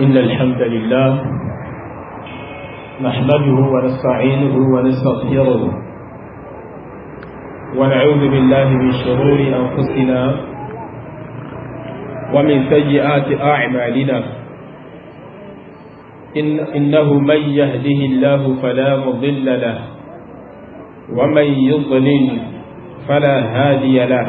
إن الحمد لله نحمده ونستعينه ونستغفره ونعوذ بالله من شرور أنفسنا ومن سيئات أعمالنا إن إنه من يهده الله فلا مضل له ومن يضلل فلا هادي له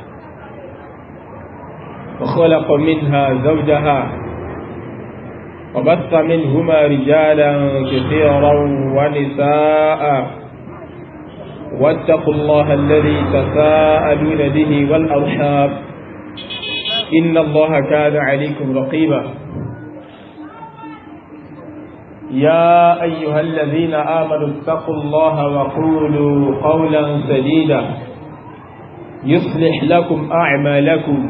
وخلق منها زوجها وبث منهما رجالا كثيرا ونساء واتقوا الله الذي تساءلون به والأرحاب إن الله كان عليكم رقيبا يا أيها الذين آمنوا اتقوا الله وقولوا قولا سديدا يصلح لكم أعمالكم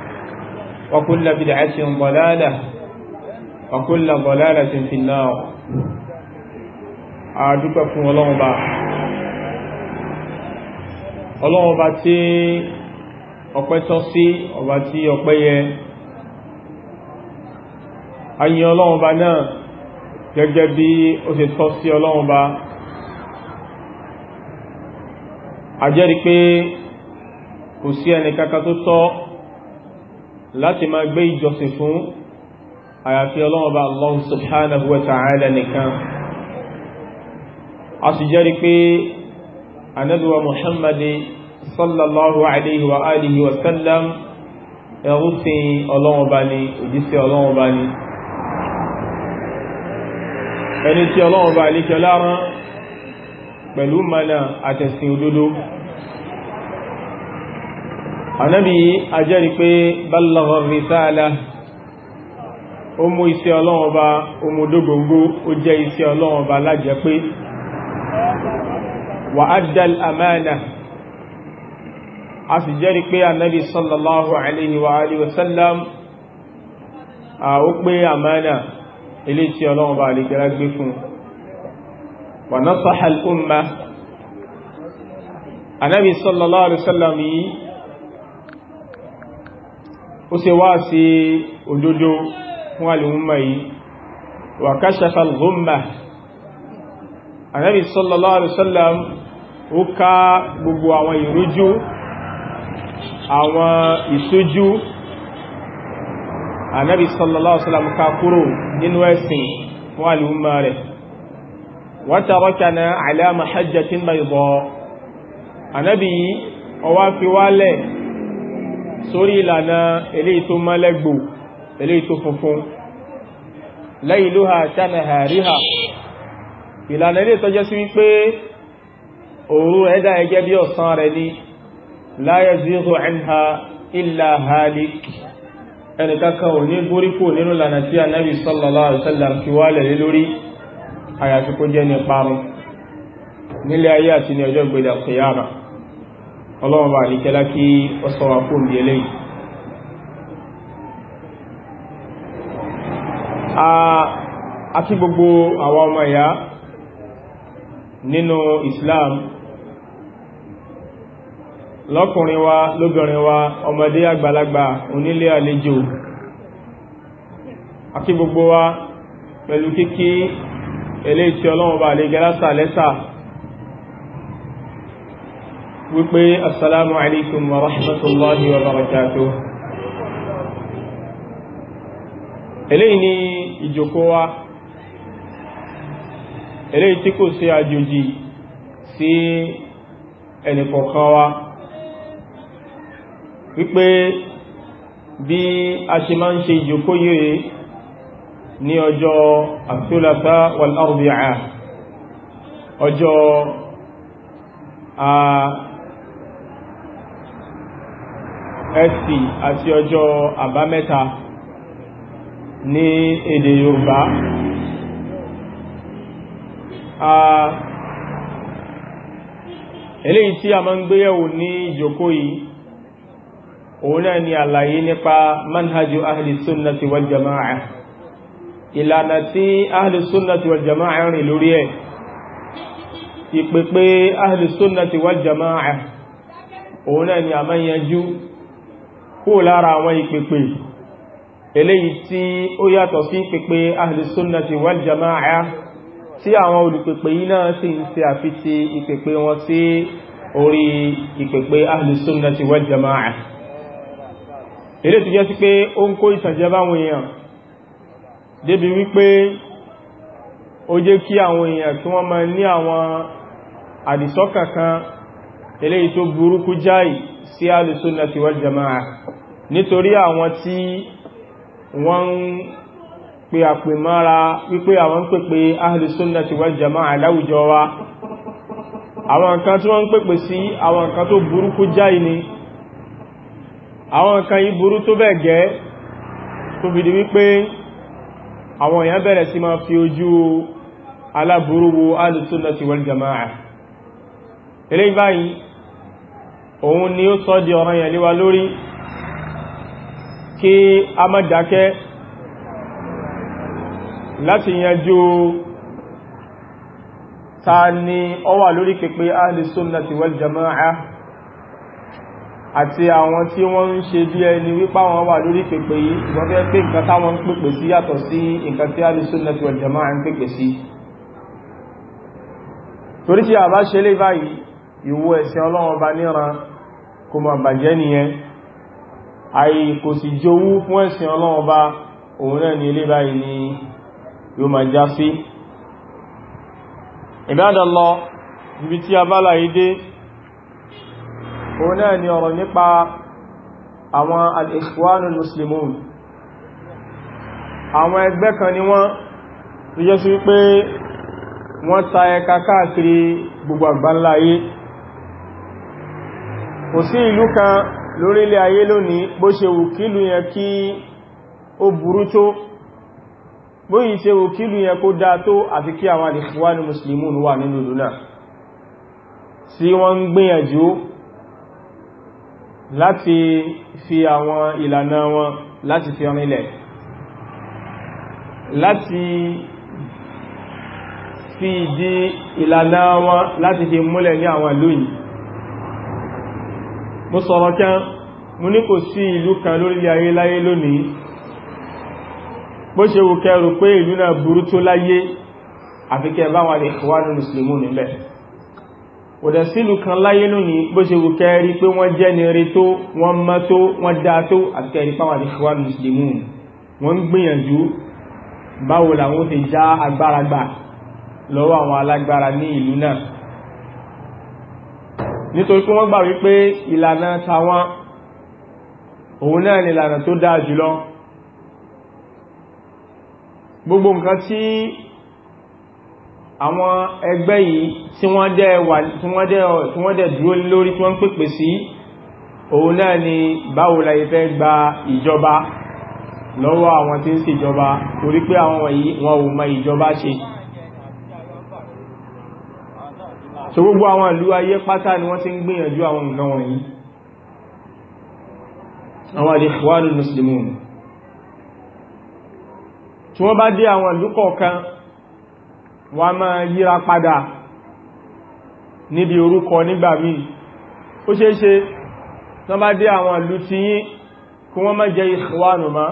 وكل بدعة ضلالة وكل ضلالة في النار àdúpẹ́ fún ọlọ́run bá ọlọ́run bá tí ọpẹ́ tọ́ sí ọba tí ọpẹ́ yẹ ayin ọlọ́run bá náà gẹ́gẹ́ bí ó ṣe tọ́ sí ọlọ́run bá a jẹ́rìí pé kò sí ẹnìkankan tó tọ́ láti máa gbé ìjọsìn fún àyàfi ọlọ́ọ̀bá Allah subhanahu wa ta'ala nìkan a sì jẹ́rí pé anábíwa muhammadi sallallahu alaihi wa alihi wa sallam ẹrúsìn ọlọ́ọ̀bá ni òjísí ọlọ́ọ̀bá ni ẹni tí ọlọ́ọ̀bá alíkẹ lára pẹ̀lú mana àtẹ̀sìn òdodo anábi ajẹ́rí pé ballagha risala ó mú iṣẹ́ Ọlọ́run Ọba ó mú dógóngó ó jẹ́ iṣẹ́ Ọlọ́run Ọba lájẹ́ pé wa addal amana a sì jẹ́rí pé anábi sallallahu alaihi wa alihi wasallam a ó pé amana ilé tí Ọlọ́run lè gẹ́rẹ́ gbé fún wa nasaha al-umma anábi sallallahu ó ṣe wá sí òdodo fún alìmúmọ̀ yìí wà káṣàfà lọ́mà ànábì sallallahu alaihi wasallam ó ká gbogbo àwọn ìrújú àwọn ìṣújú ànábì sallallahu alaihi wasallam ká kúrò nínú ẹ̀sìn fún alìmúmọ̀ rẹ̀ wa tarakana ala sórí ìlànà eléyìí tó mọ́lẹ́gbò eléyìí tó funfun layluha kanahariha ìlànà eléyìí tó jẹ́ sí wípé òru ẹ̀dá ẹgẹ́ bí ọ̀sán rẹ̀ ni la yazighu anha illa halik ẹnìkankan ò ní borí kò nínú lànà tí Ànábì sallallahu alaihi wasallam fi ọlọ́wọ́ bá nìkẹ́lá kí ó sọ wá fún bí eléyìí àti gbogbo àwọn ọmọ ìyá nínú Islam lọ́kùnrin wa lóbìnrin wa ọmọdé àgbàlagbà onílé àlejò àti gbogbo wa pẹ̀lú kíkí eléyìí tí ọlọ́wọ́ bá nìkẹ́lá sà wípé assalamu alaikum wa rahmatullahi wa barakatuh eléyìí ni ìjókòó wa eléyìí tí kò sí àjòjì sí ẹnìkọ̀ọ̀kan wa wípé bí a ṣe máa ń ṣe ìjókòó yìí ní ọjọ́ àtúlàtà wal ọjọ́ a ah, ẹtì àti ọjọ́ àbámẹ́ta ní èdè Yorùbá eléyìí tí a máa ń gbéyẹ̀wò ní ìjòkó yìí òun náà ni àlàyé nípa manhajú ahli sunnati wal jama'a ìlànà tí ahli sunnati wal jama'a rìn lórí ẹ̀ ìpèpè ahli sunnati wal jama'a òun náà ni a máa yanjú kó lára àwọn ìpèpè eléyìí tí ó yàtọ̀ sí pèpè ahlùsúnnàtì wal jama'a tí àwọn olùpèpè yìí náà sì ń ṣe àfitì ìpèpè wọn sí orí ìpèpè ahlùsúnnàtì wal jama'a eré ti jẹ́ sí pé ó ń kó ìtànjẹ́ báwọn èèyàn débi wípé ó jẹ́ kí àwọn èèyàn tí wọ́n máa ní àwọn àdìsọ́kàn kan eléyìí tó burúkú jáì sí alùsùnnàtì wal jama'a nítorí àwọn tí wọ́n ń pe àpè mára wípé àwọn ń pèpè alùsùnnàtì wal jama'a láwùjọ wa àwọn nǹkan tí wọ́n ń pèpè sí àwọn nǹkan tó burúkú jáì ni àwọn nǹkan yìí burú tó bẹ́ẹ̀ gẹ́ tó fi di wípé àwọn èèyàn bẹ̀rẹ̀ sí máa fi ojú aláburú wo alùsùnnàtì wal jama'a eléyìí báyìí òun ni ó sọ di ọ̀ràn yẹn lé wa lórí kí a má dákẹ́ láti yanjú ta ni ó wà lórí pípé ahli sunnati wal jama'a àti àwọn tí wọ́n ń ṣe bí ẹni wípá wọn wà lórí pípé yìí wọ́n fẹ́ pé nǹkan táwọn ń pèpè sí yàtọ̀ sí nǹkan tí ahli sunnati wal jama'a ń pèpè sí torí tí a bá ṣe lé báyìí ìwò ẹ̀sìn ọlọ́run ọba níran kó ma bàjẹ́ nìyẹn àì kò sì jowú fún ẹ̀sìn ọlọ́run bá òun náà ni ilé báyìí ni yóò ma já sí Ibadallah ibi tí a bá láyé dé òun náà ni ọ̀rọ̀ nípa àwọn al-Ikhwanul Muslimun àwọn ẹgbẹ́ kan ni wọ́n tó jẹ́ sí wípé wọ́n ta ẹka káàkiri gbogbo àgbáńlá kò sí ìlú kan lórílẹ̀ ayé lónìí bó ṣe wù kílù yẹn kí ó burú tó bó yìí ṣe wù kílù yẹn kó dáa tó àfi kí àwọn àdìfúwà ní mùsùlùmí wà nínú ìlú náà tí wọ́n ń gbìyànjú láti fi àwọn ìlànà wọn láti fi rinlẹ̀ láti fi ìdí ìlànà wọn láti fi múlẹ̀ ní àwọn ìlú yìí mo sọ̀rọ̀ kán mo ní kò sí ìlú kan lórí ayé láyé lónìí bó ṣe wù kẹrù pé ìlú náà burú tó láyé àfikẹ́ báwọn lè wà ní mùsùlùmù níbẹ̀ kò dẹ̀ sílù kan láyé lónìí bó ṣe wù kẹrí pé wọ́n jẹ́ nire tó wọ́n mọ́ tó wọ́n dá tó àfikẹ́rí báwọn lè wà ní mùsùlùmù wọ́n gbìyànjú báwo làwọn ti já agbára gbà lọ́wọ́ àwọn alágbára ní ìlú náà nítorí pé wọ́n gbà wípé ìlànà tàwọn òun náà ni ìlànà tó dáa jùlọ gbogbo nǹkan tí àwọn ẹgbẹ́ yìí tí wọ́n dẹ̀ dúró lórí tí wọ́n pèpè sí òun náà ni báwo la ìfẹ́ gba ìjọba lọ́wọ́ àwọn tí ń ṣèjọba torí pé àwọn wọ̀nyí wọn ò mọ ìjọba ṣe so gbogbo àwọn ìlú ayé pátá ni wọ́n ti ń gbìyànjú àwọn nǹkan wọ̀nyí àwọn àdíkwánù muslimun tí wọ́n bá dé àwọn ìlú kọ̀ọ̀kan wọ́n máa yíra padà níbi orúkọ nígbà míì ó ṣe é ṣe tán bá dé àwọn ìlú ti yí kí wọ́n má jẹ́ ìkwánù ma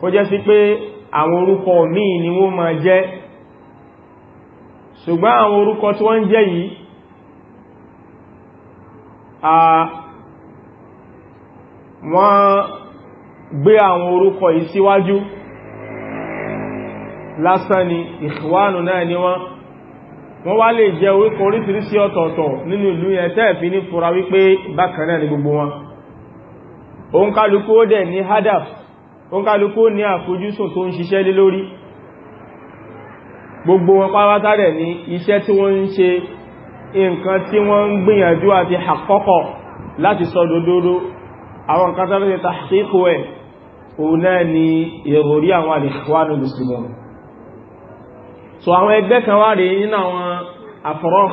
kó jẹ́ sí pé àwọn orúkọ míì ni wọ́n máa jẹ́ ṣùgbọ́n àwọn orúkọ tí wọ́n jẹ́ yìí a wọ́n gbé àwọn orúkọ yìí síwájú lásán ni ìṣwánù náà ni wọ́n wọ́n wá lè jẹ́ orúkọ oríṣiríṣi ọ̀tọ̀ọ̀tọ̀ nínú ìlú yẹn tẹ́ẹ̀fì ní fura wípé bákan náà ni gbogbo wọn òun kálukú ó dẹ̀ ní hadaf òun kálukú ó ní àfojúsùn tó ń ṣiṣẹ́ lé lórí gbogbo wọn pàwátá rẹ̀ ní iṣẹ́ tí wọ́n ń ṣe nǹkan tí wọ́n ń gbìyànjú àti àkọ́kọ̀ láti sọ dòdòdó àwọn nǹkan tàbí ti tàṣíkò ẹ̀ òun náà ni ìròrí àwọn àdìsíwánù mùsùlùmí so àwọn ẹgbẹ́ kan wá rí nínú àwọn ọ̀rọ̀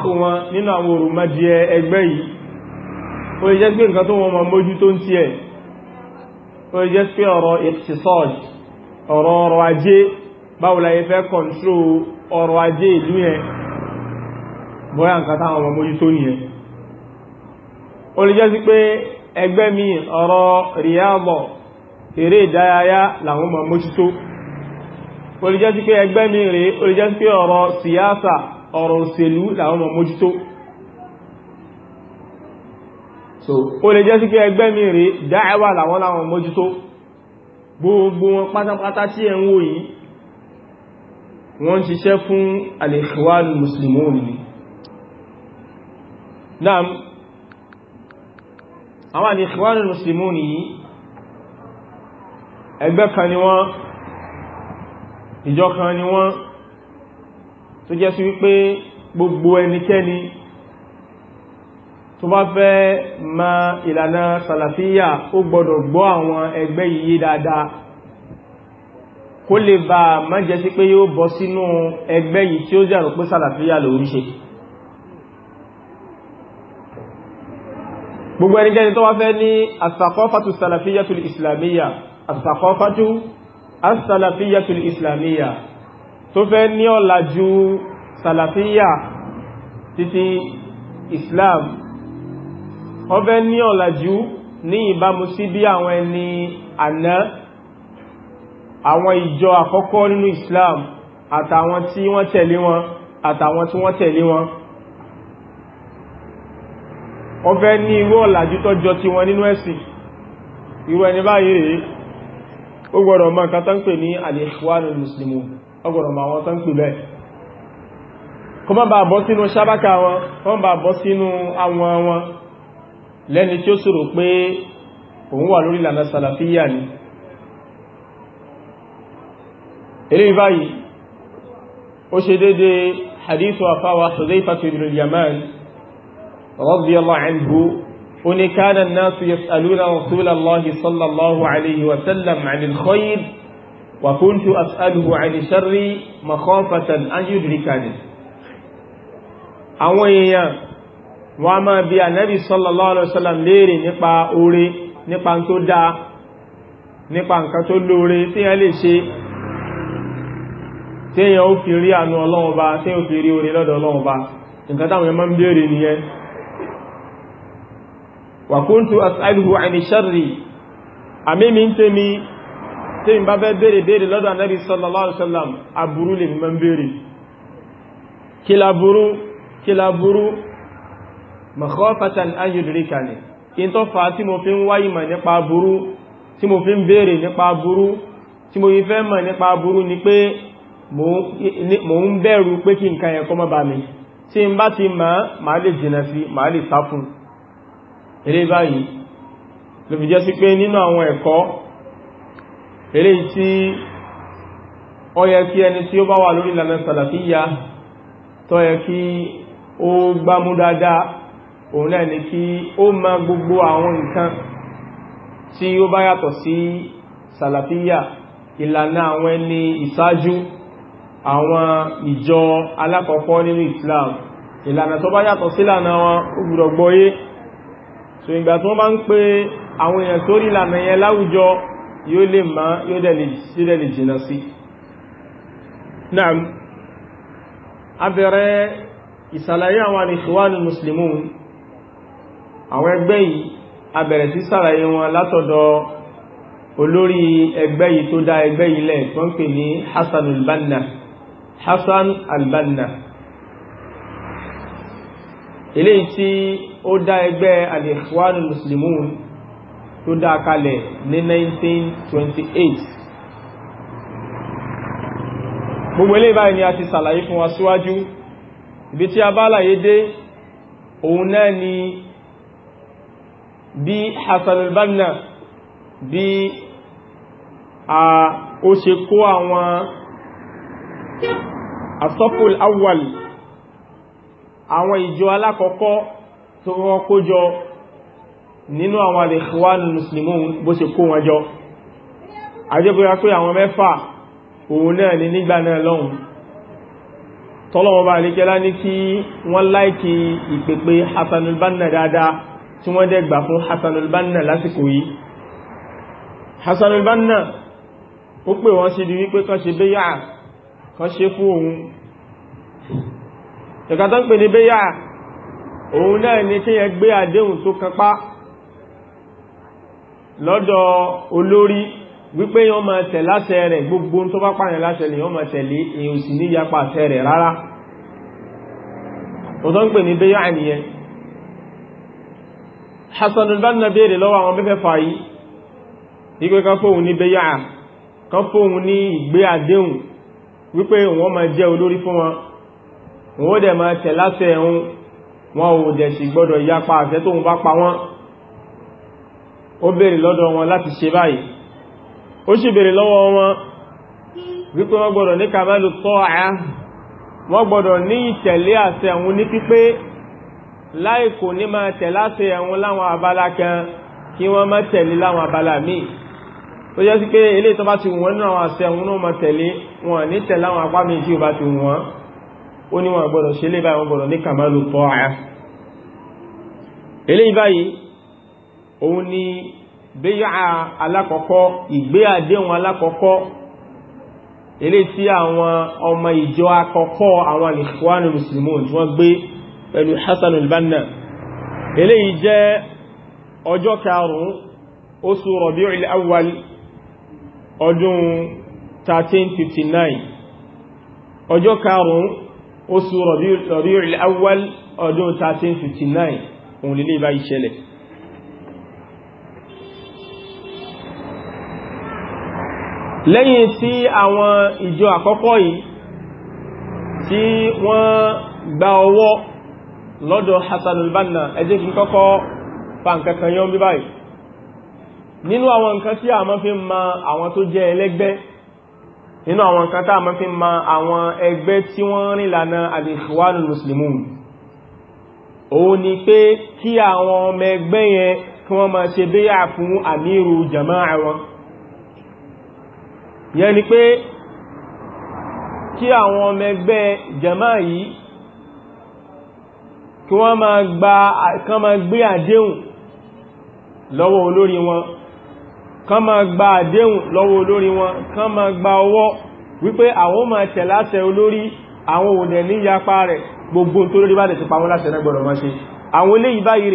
ọ̀rọ̀ ajé báwo la yẹ fẹ́ kọ̀ntró ọrọ̀ ajé ìlú yẹn bóyá nǹkan táwọn ọmọ mójútó nìyẹn ó lè jẹ́ sí pé ẹgbẹ́ mi ọ̀rọ̀ ríyàbọ̀ eré ìdárayá làwọn ọmọ mójútó ó lè jẹ́ sí pé ẹgbẹ́ mi rẹ̀ ó lè jẹ́ sí pé ọ̀rọ̀ siyasa ọ̀rọ̀ òṣèlú làwọn ọmọ mójútó so ó lè jẹ́ sí pé ẹgbẹ́ mi rẹ̀ dáẹ́wà làwọn làwọn mójútó gbogbo wọn pátápátá tí ẹ̀ ń wò yìí wọ́n ṣiṣẹ́ fún al-Ikhwan al-Muslimun ni naam àwọn al-Ikhwan al-Muslimun ni ẹgbẹ́ kan ni wọ́n ìjọ kan ni wọ́n tó jẹ́ sí wípé gbogbo ẹnikẹ́ni tó bá fẹ́ ma ìlànà sàlàfíyà ó gbọ́dọ̀ gbọ́ àwọn ẹgbẹ́ yìí dáadáa kó lè bá a má jẹ́ sí pé yóò bọ́ sínú ẹgbẹ́ yìí tí ó jẹ́rò pé sàlàfíà lò ríṣe gbogbo ẹnikẹ́ni tó wá fẹ́ ní asàkọ́fàtù sàlàfíyàtul islamiyya asàkọ́fàtù asàlàfíyàtul islamiyya tó fẹ́ ní ọ̀làjú sàlàfíyà títí islam ó fẹ́ ní ọ̀làjú ní ìbámu sí bí àwọn ẹni àná àwọn ìjọ àkọ́kọ́ nínú Islam àtàwọn tí wọ́n tẹ̀lé wọn àtàwọn tí wọ́n tẹ̀lé wọn wọ́n fẹ́ ní irú ọ̀làjú tó jọ ti wọn nínú ẹ̀sìn irú ẹni báyìí rèé ó gbọ́dọ̀ mọ̀ nǹkan tó ń pè ní al-Ikhwanul Muslimun ó gbọ́dọ̀ mọ̀ àwọn tó ń pè bẹ́ẹ̀ ni ilé báyìí ó ṣe dédé hadithu afáwa Hudhayfatu ibn al-Yaman radiyallahu anhu ó ní kana an-nasu yas'aluna rasulallahi sallallahu alayhi wa sallam 'anil khayr wa kuntu as'aluhu 'ani sharri makhafatan an yudrikani àwọn èèyàn wọ́n a máa bi ànábì sallallahu alaihi wasallam léèrè nípa oore nípa tó dáa nípa nǹkan tó lóore tí yẹn lè ṣe tí èyàn ó fi rí àánú ọlọ́run bá tí ó fi rí orí lọ́dọ̀ ọlọ́run bá nǹkan táwọn ẹmọ́ ń bèèrè nìyẹn wa kuntu as'aluhu 'ani sharri àmìmí ń tẹ́ mi tí n bá fẹ́ bèèrè bèèrè lọ́dọ̀ Ànábì sallallahu alaihi wasallam aburú lè mi máa ń bèèrè kí laburú kí laburú makhafatan an yudrikani kí n tó fà á tí mo fi ń wáyìí mà nípa aburú tí mo fi ń bèèrè mo ń bẹ̀rù pé kí nǹkan yẹn kọ́ mọ́ bá mi tí n bá ti máa máa lè jìnà sí máa lè sá fún eré báyìí ló fi jẹ́ sí pé nínú àwọn ẹ̀kọ́ eré tí ó yẹ kí ẹni tí ó bá wà lórí ìlànà sàlàfíyà tó yẹ kí ó gbámú dáadáa òun náà ni kí ó ma gbogbo àwọn nǹkan tí ó bá yàtọ̀ sí sàlàfíyà ìlànà àwọn ẹni ìsáájú àwọn ìjọ alákọ̀ọ́kọ́ nínú Islam ìlànà tó bá yàtọ̀ sílànà wọn ó gbọ́dọ̀ gbọ́yé so ìgbà tí wọ́n bá ń pè àwọn èèyàn sórí ìlànà yẹn láwùjọ yóò lè má yóò dẹ̀ lè jìnà sí náà a bẹ̀rẹ̀ ìsàlàyé àwọn àlèṣíwánì muslimun àwọn ẹgbẹ́ yìí a bẹ̀rẹ̀ sí sàlàyé ní Hassanul Hassan al-Banna eléyìí tí ó dá ẹgbẹ́ al-Ikhwan tó dá kalẹ̀ ní 1928 gbogbo eléyìí báyìí ni a ti sàlàyé fún wa síwájú ibi tí a bá láyé dé òun náà ni bí Hassan al bí a ó ṣe kó àwọn asọ́fún awwal àwọn ìjọ alákọ̀ọ́kọ́ tó wọ́n kó jọ nínú àwọn alẹ́kọ̀wánù muslimun bó ṣe kó wọn jọ ajẹ́bóyá pé àwọn mẹ́fà òun náà ni nígbà náà lọ́hùn tọ́lọ́wọ́ bá alékẹ́lá ní kí wọ́n láìkí ìpèpè Hassanul Banna dáadáa tí wọ́n dẹ̀ gbà fún Hassanul Banna lásìkò yìí Hassanul Banna ó pè wọ́n sí di wípé kan ṣe bẹ́yà kan ṣe fún òun ẹ̀ka tó ń pè ní bẹ́yà òun náà ni kí yẹn gbé àdéhùn tó kápá lọ́dọ̀ olórí wípé yọ́n máa tẹ̀ láṣẹ rẹ̀ gbogbo tó bá pààyàn láṣẹ lè yọ́n máa tẹ̀lé èyàn sì ní yapa àṣẹ rẹ̀ rárá tó tó ń pè ní bẹ́yà nìyẹn Hassan al-Banna béèrè lọ́wọ́ àwọn bẹ́fẹ́ fà wípé kan fóun ní bẹ́yà kan fóun ní ìgbé àdéhùn wípé wọ́n máa jẹ́ olórí fún wọn wọ́n dẹ̀ máa tẹ̀ láṣẹ ẹ̀hún wọn ò dẹ̀ sì gbọ́dọ̀ yapa àṣẹ tóun bá pa wọ́n ó béèrè lọ́dọ̀ wọn láti ṣe báyìí ó sì béèrè lọ́wọ́ wọn wípé wọ́n gbọ́dọ̀ ní kàmẹ́lù tọ́ àá wọ́n gbọ́dọ̀ ní ìtẹ̀lé àṣẹ ẹ̀hún ní pípé láì kò ní máa tẹ̀ láṣẹ ẹ̀hún láwọn abala kan kí wọ́n má láwọn abala míì tó jẹ́ sí pé ilé tó bá ti wọ́n nínú àwọn àṣẹ òun náà mọ̀ tẹ̀lé wọn ní tẹ̀lé àwọn apá méjì ò bá ti wọ́n ó ní wọn gbọ́dọ̀ ṣe lè báyìí wọn gbọ́dọ̀ ní kàmálù tọ́ àyà eléyìí báyìí òun ni bẹ́yà alákọ̀ọ́kọ́ ìgbé àdéhùn alákọ̀ọ́kọ́ eléyìí tí àwọn ọmọ ìjọ àkọ́kọ́ àwọn alìfúwánù muslimun tí wọ́n gbé pẹ̀lú Hassan al Awwal ọdún 1359 ọjọ́ karùn-ún oṣù Rabi'ul Awwal ọdún 1359 òun lílé bá ìṣẹ̀lẹ̀ lẹ́yìn tí àwọn ìjọ àkọ́kọ́ yìí tí wọ́n gba ọwọ́ lọ́dọ̀ Hassan al-Banna ẹjẹ́ kí kọ́kọ́ fa nǹkankan yọ́ bí báyìí nínú àwọn nǹkan tí a máa fi ma àwọn tó jẹ́ ẹlẹ́gbẹ́ nínú àwọn nǹkan tí a máa fi ma àwọn ẹgbẹ́ tí wọ́n rìn lànà al-Ikhwanul Muslimun òun ni pé kí àwọn ọmọ ẹgbẹ́ yẹn kí wọ́n máa ṣe béyà fún àmírù jama'a wọn yẹn ni pé kí àwọn lọ́wọ́ olórí wọn kán máa gba àdéhùn lọ́wọ́ olórí wọn kán máa gba ọwọ́ wípé àwọn máa tẹ̀ láṣẹ olórí àwọn ò dẹ̀ ní yapa rẹ̀ gbogbo tó lórí bá dẹ̀ ti pa wọn láṣẹ náà gbọ́dọ̀ máa ṣe àwọn eléyìí báyìí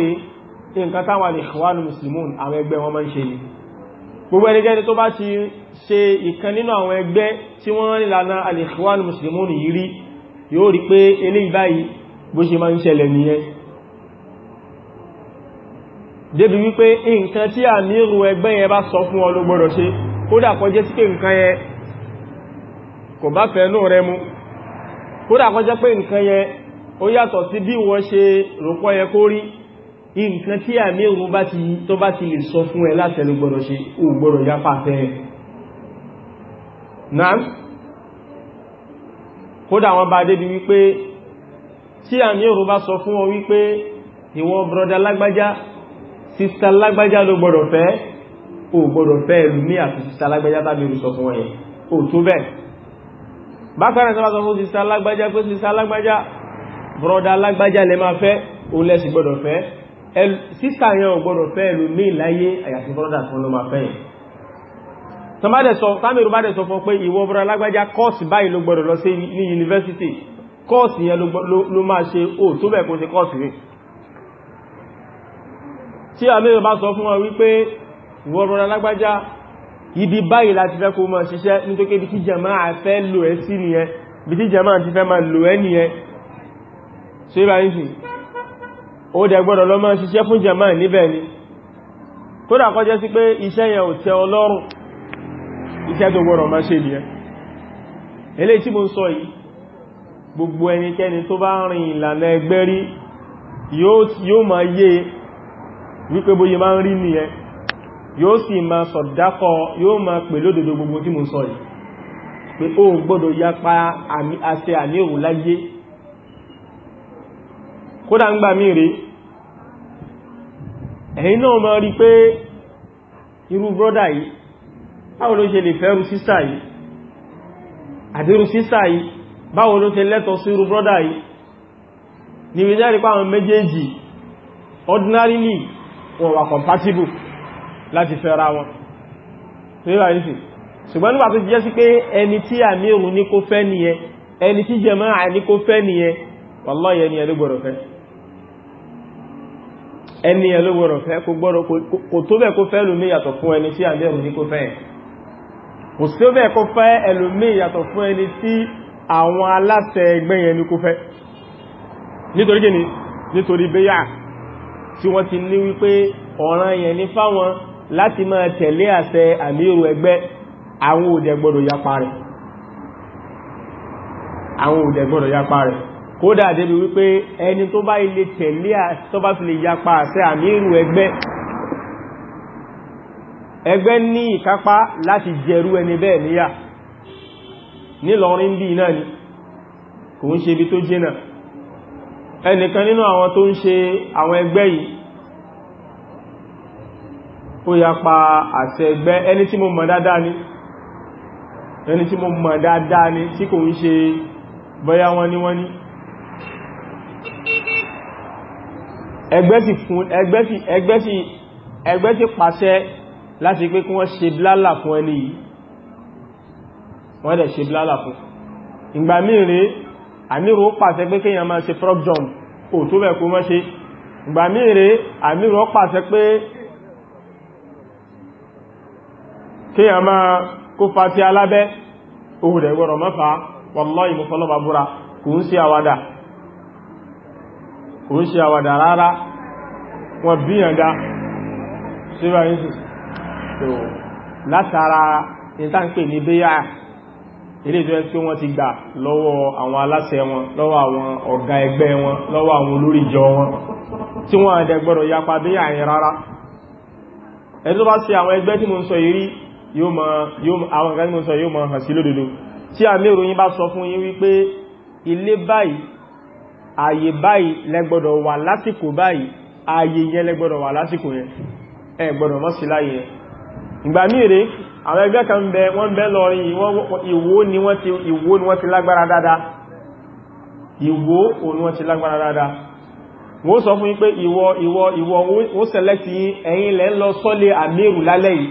rèé nǹkan táwọn alìkọwàlù mùsùlùmùn àwọn ẹgbẹ́ wọn máa ń ṣe ni gbogbo ẹnikẹ́ni tó bá ti ṣe ìkan nínú àwọn ẹgbẹ́ tí wọ́n ní lànà alìkọwàlù mùsùlùmùn yìí rí yóò rí pé eléyìí báyìí bó ṣe máa ń ṣẹlẹ̀ nìyẹn débi wípé nǹkan tí àmírù ẹgbẹ́ yẹn bá sọ fún ọ ló gbọ́dọ̀ ṣe kódà kó jẹ́ sí pé nǹkan yẹn kò bá fẹ́nú rẹ mu kódà kó jẹ́ pé nǹkan yẹn ó yàtọ̀ sí bí wọ́n ṣe rọ̀pọ̀ yẹ kó rí nǹkan tí àmírù bá ti tó bá ti lè sọ fún ẹ láti gbọ́dọ̀ ṣe ó gbọ́dọ̀ yá brọ́dá lágbájá sísá lágbájá ló gbọ́dọ̀ fẹ́ o gbọ́dọ̀ fẹ́ ẹlù ní àti sísá lágbájá tàbí olùsọ fún ẹ̀ o tó bẹ́ẹ̀ bákanáà tó bá sọ fún sísá lágbájá pé sísá lágbájá brọ́dá lágbájá lẹ máa fẹ́ o lẹ́sì gbọ́dọ̀ fẹ́ sísá yẹn o gbọ́dọ̀ fẹ́ ẹlù ní ìláyé àyàfi brọ́dá tó ló máa fẹ́ yẹn tàmírù bá dẹ̀ sọ fún pé ìwọ brọ́dá lágbájá kọ́ọ̀sì báyìí ló gbọ́dọ̀ lọ sí ní yunifásitì kọ́ọ̀sì yẹn ló máa ṣe o tó bẹ́ẹ̀ kó ṣe kọ́ọ̀sì rẹ̀ tí àmìrì bá sọ fún wọn wípé ìwọ̀rọ̀rọ̀ alágbájá ibi báyìí láti fẹ́ kó mọ̀ ṣiṣẹ́ nítorí bí kí jàmáà fẹ́ lò ẹ́ sí nìyẹn bí kí jàmáà ti fẹ́ máa lò ẹ́ nìyẹn ṣe bá ń sì ó dẹ̀ gbọ́dọ̀ lọ máa ṣiṣẹ́ fún jàmáà níbẹ̀ ni kódà kó sí pé iṣẹ́ yẹn ò tẹ́ ọlọ́rùn iṣẹ́ tó gbọ́dọ̀ máa ṣe nìyẹn eléyìí tí mo ń sọ yìí gbogbo ẹnikẹ́ni tó bá rìn ìlànà ẹgbẹ́ rí yóò máa yé e wípé bóyí máa ń rí nìyẹn yóò sì máa sọ̀dákọ̀ yóò máa pè lódodo gbogbo tí mo sọ yìí pé ó gbọ́dọ̀ yapa àmì àṣẹ àní òun láyé kódà ń gbà mí rí náà máa rí pé irú brọ́dà yìí báwo ló ṣe lè fẹ́rù sísà yìí àdírù sísà yìí báwo ló ṣe lẹ́tọ̀ sí irú brọ́dà yìí ni wíjẹ́ rí pàwọn méjèèjì ordinarily wọn wà compatible láti fẹ́ra wọn tó yíwa yìí sí ṣùgbọ́n nígbà tó jẹ́ sí pé ẹni tí àmírù ní kó fẹ́ nìyẹn ẹni tí jẹ́ máa ní kó fẹ́ nìyẹn wallahi ẹni ẹ̀ ló gbọ́dọ̀ fẹ́ ẹni ẹ̀ ló gbọ́dọ̀ fẹ́ kò gbọ́dọ̀ kò tó bẹ́ẹ̀ kó fẹ́ lómi yàtọ̀ fún ẹni tí àmírù ní kó fẹ́ kò sí ó bẹ́ẹ̀ kó fẹ́ ẹlòmí yàtọ̀ fún ẹni tí àwọn aláṣẹ ẹgbẹ́ yẹn ní kó fẹ́ nítorí gini nítorí bẹ́yà tí wọ́n ti ní wípé ọ̀ràn yẹn ní fáwọn láti máa tẹ̀lé àṣẹ àmírù ẹgbẹ́ àwọn òdẹ̀ gbọ́dọ̀ yapa rẹ̀ àwọn òdẹ̀ gbọ́dọ̀ yapa rẹ̀ kódà débi wípé ẹni tó bá ilé tẹ̀lé tó bá fi lè yapa ni kò ń ṣe ẹnìkan nínú àwọn tó ń ṣe àwọn ẹgbẹ́ yìí ó yapa àṣẹ ẹgbẹ́ ẹni tí mo mọ̀ dáadáa ni ẹni tí mo mọ̀ dáadáa ni tí kò ń ṣe bọ́yá wọ́n ní wọ́n ní ẹgbẹ́ sì pàṣẹ láti pé kí wọ́n ṣe blálà fún ẹni yìí wọ́n dẹ̀ ṣe blálà fún ìgbà mí rèé àmìrò pàṣẹ pé kéèyàn máa ṣe frog jump kò tó bẹ̀ kó mọ́ ṣe ìgbà mìíre àmìrò pàṣẹ pé kéèyàn máa kó fa ti alábẹ́ ohun rẹ̀ gbọ́rọ̀ mọ́fà wallahi ìmúfọ́lọ́bà búra kò ń ṣe àwàdà rárá wọn bíyànga látara ìtànkè ní bíyà ilé ìjọ tí wọ́n ti gbà lọ́wọ́ àwọn aláṣẹ wọn lọ́wọ́ àwọn ọ̀gá ẹgbẹ́ wọn lọ́wọ́ àwọn olórí ìjọ wọn tí wọ́n àdẹ gbọ́dọ̀ yapa bí àyìn rárá ẹ tó bá sí àwọn ẹgbẹ́ tí mo ń sọ ìrí àwọn ẹgbẹ́ tí mo ń sọ yóò mọ̀ hàn sí lódodo tí àmì ìròyìn bá sọ fún yín wípé ilé àwọn ẹgbẹ́ kan bẹ wọ́n bẹ lọrin ìwó ni wọ́n ti ìwó ni wọ́n ti lágbára dáadáa ìwó o ni wọ́n ti lágbára dáadáa wọ́n sọ fún yín pé ìwọ ìwọ ìwọ wọ́n select yín ẹ̀yin lẹ́ ń lọ sọ́lé àmìrù lálẹ́ yìí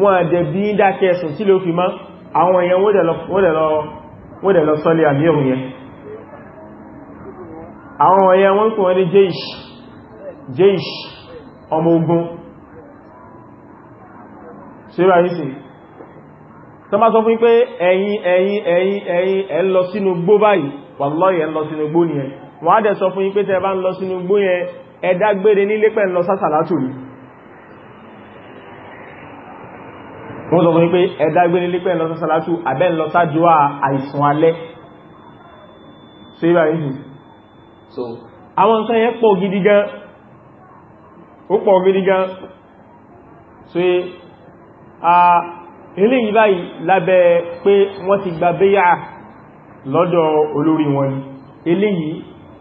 wọ́n àjẹ́ bí ń dákẹ́ ẹ̀sùn tí ló fi mọ́ àwọn èèyàn wọ́n dẹ̀ lọ sọ́lé àmìrù yẹn àwọn èèyàn wọ́n kò wọ́n ní jeish jeish ọmọ ogun ṣe bá yìí sí tó má sọ fún pé ẹ̀yin ẹ̀yin ẹ̀yin ẹ̀yin ẹ̀ lọ sínú gbó báyìí wallahi ẹ̀ lọ sínú gbó nìyẹn wọ́n á dẹ̀ sọ fún yín pé tẹ́ bá ń lọ sínú gbó yẹn ẹ dágbére nílé pẹ̀ ń lọ sásàlátù ni wọ́n sọ fún yín pé ẹ dágbére nílé pẹ̀ so ibà yìí so àwọn nǹkan yẹn eléyìí báyìí lábẹ́ pé wọ́n ti gba béyà lọ́dọ̀ olórí wọn ni eléyìí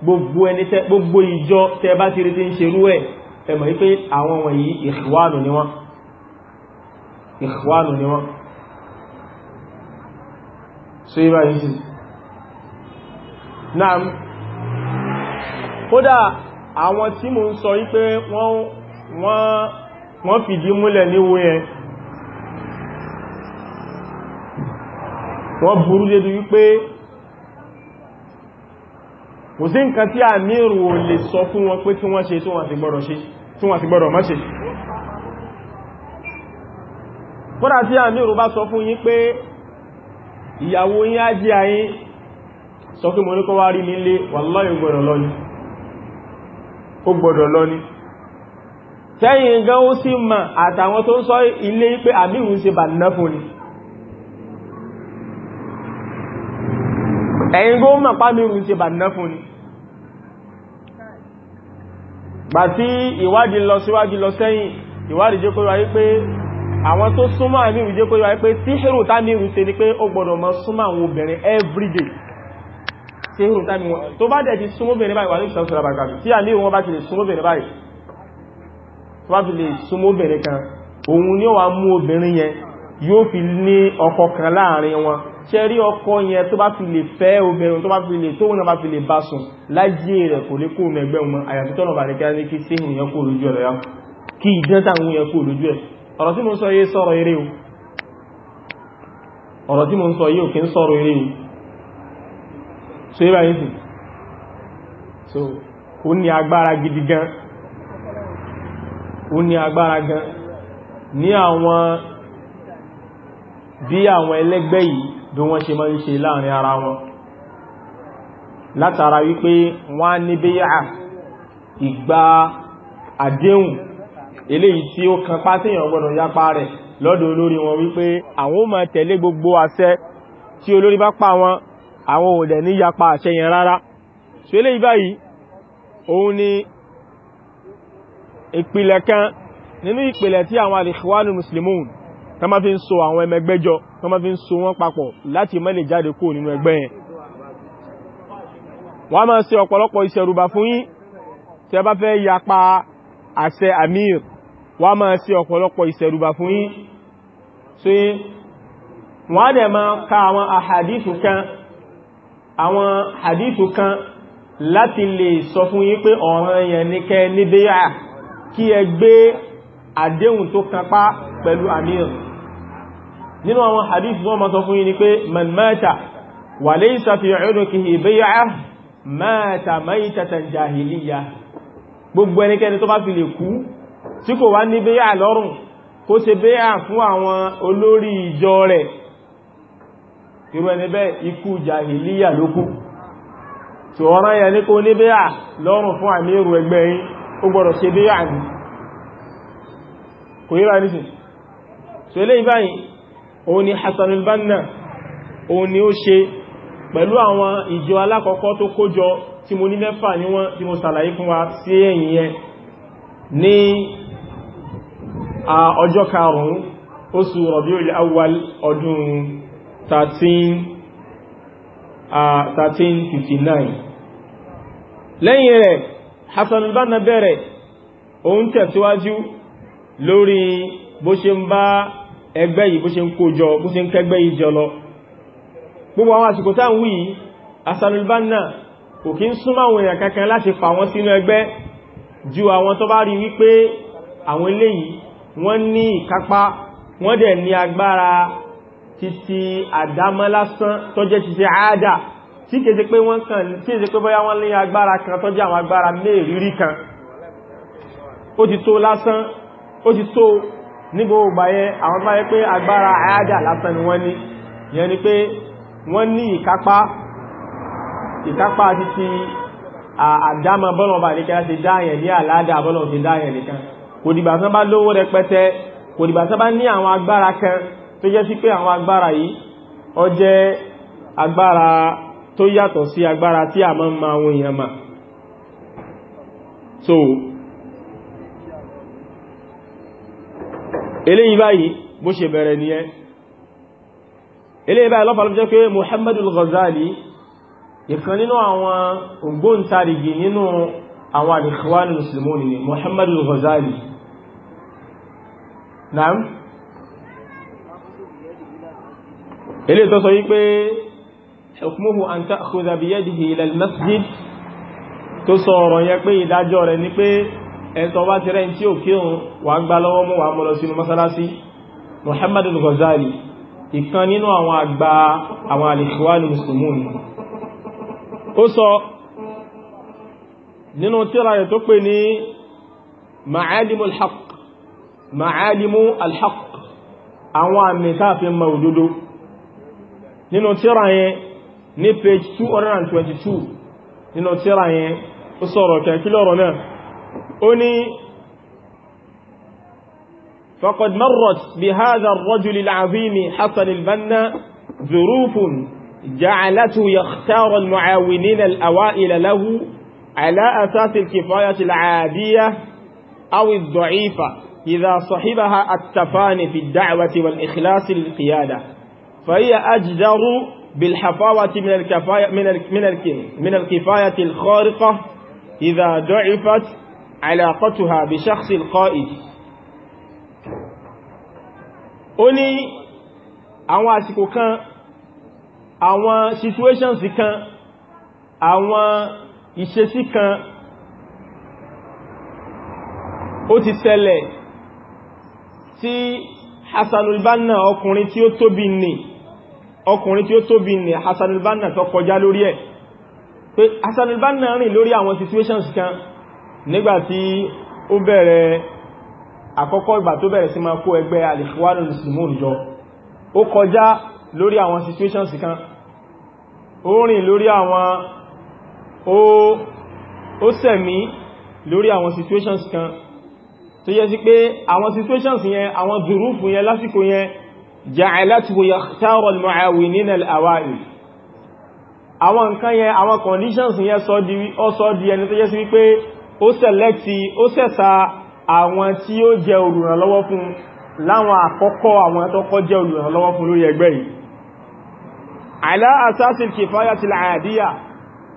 gbogbo ẹni tẹ́ gbogbo ìjọ tẹ́ bá ti rí tí ń ṣe rú ẹ̀ ẹmọ̀ wípé àwọn wọ̀nyí ìṣwánù ni wọ́n ìṣwánù ni wọ́n ṣe ibá yìí sí náà kódà àwọn tí mo ń sọ wípé wọ́n fìdí múlẹ̀ níwó yẹn wọ́n burú débi wípé kò sí nǹkan tí àmírù ò lè sọ fún wọn pé tí wọ́n ṣe tí wọ́n sì gbọ́dọ̀ ṣe tí wọ́n sì gbọ́dọ̀ má ṣe kódà tí àmírù bá sọ fún yín pé ìyàwó yín á jí ayín sọ pé mo wá rí mi lé wàláhì gbọ́dọ̀ lọ ni ó ẹ̀yìn gó mọ̀ pàmí òun ti bà ná fún ni bà tí ìwádìí lọ síwájú lọ sẹ́yìn ìwádìí jẹ́ kó wáyé pé àwọn tó súnmọ́ àmìrù jẹ́ kó wáyé pé tí hero tàmìrù ṣe ni pé ó gbọ́dọ̀ mọ́ súnmọ́ àwọn obìnrin everyday tí hero tàmìrù tó bá dẹ̀ ti súnmọ́ obìnrin báyìí wà ní ìṣàkóso àbàgbàmì tí àmìrù wọn bá ṣẹ́rí ọkọ yẹn tó bá fi lè fẹ́ obìnrin tó bá fi lè tóun náà bá fi lè bá sùn láyé rẹ̀ kò lè kó òun ẹgbẹ́ wọn àyàfi tọ́nà bá nìkan ní kí síhìn yẹn kó lójú ẹ̀ kí ìdán táwọn yẹn kó lójú ẹ̀ ọ̀rọ̀ tí mo ń sọ yé sọ̀rọ̀ eré o ọ̀rọ̀ tí mo ń sọ yé òkè ń sọ̀rọ̀ eré o so yé báyìí sìn so ó ní agbára gidi gan ó ní agbára gan ní àwọn bí àwọn ẹlẹ́gbẹ́ yìí bí wọ́n ṣe máa ń ṣe láàrin ara wọn látara wípé wọ́n ní bíyà ìgbà àdéhùn eléyìí tí ó kan pátíyàn gbọ́dọ̀ yápa rẹ̀ lọ́dọ̀ olórí wọn wípé àwọn ó máa tẹ̀lé gbogbo àṣẹ tí olórí bá pa wọn àwọn ò dẹ̀ ní yapa àṣẹ yẹn rárá so eléyìí báyìí òun ni ìpìlẹ̀ kan nínú ìpìlẹ̀ tí àwọn al-Ikhwanul Muslimun tó máa fi ń so àwọn ẹmẹgbẹ́jọ tó máa fi ń so wọ́n papọ̀ láti má lè jáde kúrò nínú ẹgbẹ́ yẹn wọ́n máa ṣe ọ̀pọ̀lọpọ̀ ìṣẹ̀rùbà fún yín tí ẹ bá fẹ́ yapa àṣẹ amir wọ́n máa ṣe ọ̀pọ̀lọpọ̀ ìṣẹ̀rùbà fún yín tí wọ́n á dẹ̀ máa ka àwọn àhàdìsù kan àwọn àhàdìsù kan láti lè sọ àdéhùn tó kan pá pẹ̀lú amir nínú àwọn hadith tó ma sọ fún yí ni pé man mata wa laysa fi unukihi bay'ah mata maytatan jahiliya gbogbo ẹnikẹ́ni tó bá fi lè kú tí kò wá ní bay'ah lọ́rùn kó ṣe bay'ah fún àwọn olórí ìjọ rẹ̀ irú ẹni bẹ́ẹ̀ ikú jahiliya ló kú so eléyìí báyìí òun ni Hassan al-Banna òun ni ó ṣe pẹ̀lú àwọn ìjọ alákọ̀ọ́kọ́ tó kójọ tí mo ní mẹ́fà ní wọ́n tí mo sàlàyé fún wa sí ẹ̀yìn yẹn ní ọjọ́ karùn-ún oṣù Rabiul Awwal ọdún 1359 lẹ́yìn rẹ̀ Hassan al-Banna bẹ̀rẹ̀ òun tẹ̀síwájú lórí bó ṣe ń bá ẹgbẹ́ yìí bó ṣe ń kójọ bó ṣe ń kẹgbẹ́ yìí jọ lọ gbogbo àwọn àsìkò tá ń wí asanulbanna kò kí ń súnmọ́ àwọn èèyàn kankan láti fà wọ́n sínú ẹgbẹ́ ju àwọn tó bá rí wípé àwọn eléyìí wọ́n ní ìkápá wọ́n dẹ̀ ní agbára títí àdámọ́ lásán tó jẹ́ ti tó ní gbogbo báyẹ àwọn báyẹ pé agbára àádà lásán ni wọ́n ní yẹn ni pé wọ́n ní ìkápá ìkápá àti ti àdámà bọ́lọ̀ bá ní kẹ́lá ti dáyẹ̀ ní àládà bọ́lọ̀ ti dáyẹ̀ nìkan kò dìgbà tán bá lówó rẹpẹtẹ kò dìgbà tán bá ní àwọn agbára kan tó jẹ́ sí pé àwọn agbára yìí ó jẹ́ agbára tó yàtọ̀ so eléyìí báyìí bó ṣe bẹ̀rẹ̀ ní ẹ eléyìí báyìí lọ́pàá ló jẹ́ pé Muhammadul Ghazali ìkan nínú àwọn ògbóǹtarìgì nínú àwọn al-Ikhwanul Muslimun ni Muhammadul Ghazali naam eléyìí tó sọ yí pé hukmuhu an ta'khudha biyadihi masjid tó sọ ọ̀rọ̀ yẹ pé ìdájọ́ rẹ̀ ni pé ẹ̀tọ́ bá ti rẹ̀ tí ó kírun wà ń gbá lọ́wọ́ mú wà mọ́ lọ sínú mọ́sálásí Muhammad al-Ghazali ìkan nínú àwọn àgbà àwọn al-Ikhwan ó sọ nínú tírà rẹ̀ tó pè ní ma'alimu al àwọn àmì táàfin ma òdodo nínú tírà yẹn ní page 222 nínú tírà yẹn ó sọ̀rọ̀ kẹ́kí náà أني فقد مرت بهذا الرجل العظيم حسن البنا ظروف جعلته يختار المعاونين الأوائل له على أساس الكفاية العادية أو الضعيفة إذا صحبها التفاني في الدعوة والإخلاص للقيادة فهي أجدر بالحفاوة من الكفاية من من الكفاية الخارقة إذا ضعفت علاقتها بشخص القائد ó ní àwọn àsìkò kan àwọn situations kan àwọn ìṣesí kan ó ti ṣẹlẹ̀ tí Hassanul Banna ọkùnrin tí ó tóbi ní ọkùnrin tí ó tóbi ní Hassanul tó kọjá lórí ẹ̀ pé Hassanul rìn lórí àwọn situations kan nígbàtí ó bẹ̀rẹ̀ àkọ́kọ́ ìgbà tó bẹ̀rẹ̀ sí máa kó ẹgbẹ́ alìfúwárùn muslimun jọ ó kọjá lórí àwọn situations kan ó rìn lórí àwọn ó sẹ̀mí lórí àwọn situations kan tó yẹ sí pé àwọn situations yẹn àwọn zurufu yẹn lásìkò yẹn ja'alatuhu yakhtaru àwọn nǹkan yẹn àwọn conditions yẹn sọ di ẹni tó yẹ sí wípé ó sẹ̀lẹ́kì ó sẹ̀sà àwọn tí ó jẹ olùrànlọ́wọ́ fún láwọn àkọ́kọ́ àwọn tọ́kọ́ jẹ olùrànlọ́wọ́ fún lórí ẹgbẹ́ yìí ala asasil kifayati al-adiya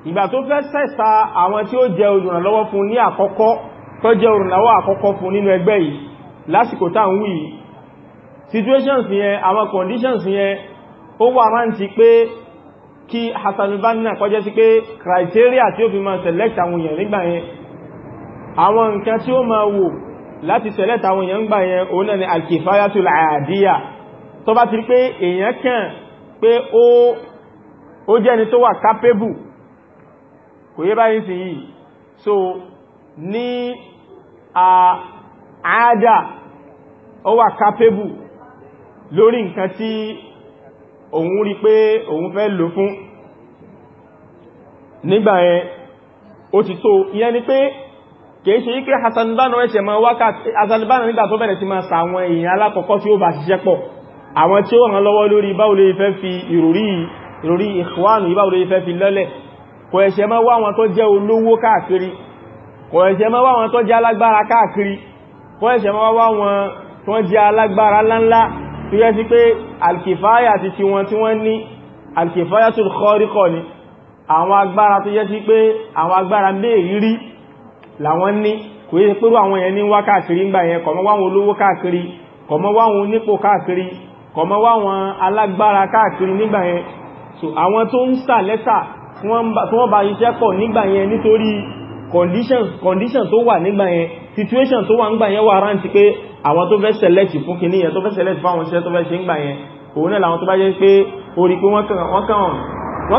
ìgbà tó fẹ́ sẹ̀sà àwọn tí ó jẹ olùrànlọ́wọ́ fún ní àkọ́kọ́ tó jẹ olùrànlọ́wọ́ àkọ́kọ́ fún nínú ẹgbẹ́ yìí lásìkò tá ń wí situations conditions yẹn ó wà máa ń ti pé kí Hassan banna kọjẹ́ sí pé criteria tí ó fi máa select àwọn èèyàn nígbà àwọn nǹkan tí ó máa wò láti select àwọn èèyàn gbà yẹn òun náà ni al-kifayatul 'adiyya tó bá ti rí pé èèyàn kàn pé ó jẹ́ni tó wà capable kò yé báyìí sí yìí so ní àádà ó wà capable lórí nǹkan tí òun rí pé òun fẹ́ lò fún nígbà yẹn ó ti tó ìyẹn ni pé kìí ṣe yíké Hassan Banna ẹ̀ṣẹ̀ ma wákàtí Hassan Banna nígbà tó bẹ̀rẹ̀ sí ma sa àwọn èèyàn alákọ̀ọ́kọ́ tí ó bá ṣiṣẹ́ pọ̀ àwọn tí ó ràn lọ́wọ́ lórí báwo lè fẹ́ fi ìròrí ìròrí ìkwánù báwo lè fẹ́ fi lọ́lẹ̀ kò ẹ̀ṣẹ̀ ma wá wọn tó jẹ́ olówó káàkiri kò ẹ̀ṣẹ̀ ma wá wọn tó jẹ́ alágbára káàkiri kò ẹ̀ṣẹ̀ ma wá wọn tó jẹ́ làwọn ní kò yí pẹ́rú àwọn yẹn ní wá káàkiri ńgbà yẹn kọ̀mọ́ wáwọn olówó káàkiri kọ̀mọ́ wáwọn onípò káàkiri kọ̀mọ́ wáwọn alágbára káàkiri nígbà yẹn so àwọn tó ń sà lẹ́tà tí wọ́n bá iṣẹ́ pọ̀ nígbà yẹn nítorí conditions conditions tó wà nígbà yẹn situation tó wà nígbà yẹn wà rántí pé àwọn tó fẹ́ select fún kìíní yẹn tó fẹ́ select fún àwọn iṣẹ́ tó fẹ́ ṣe ńgbà yẹn òun náà làwọn tó bá jẹ́ pé ó rí pé wọ́n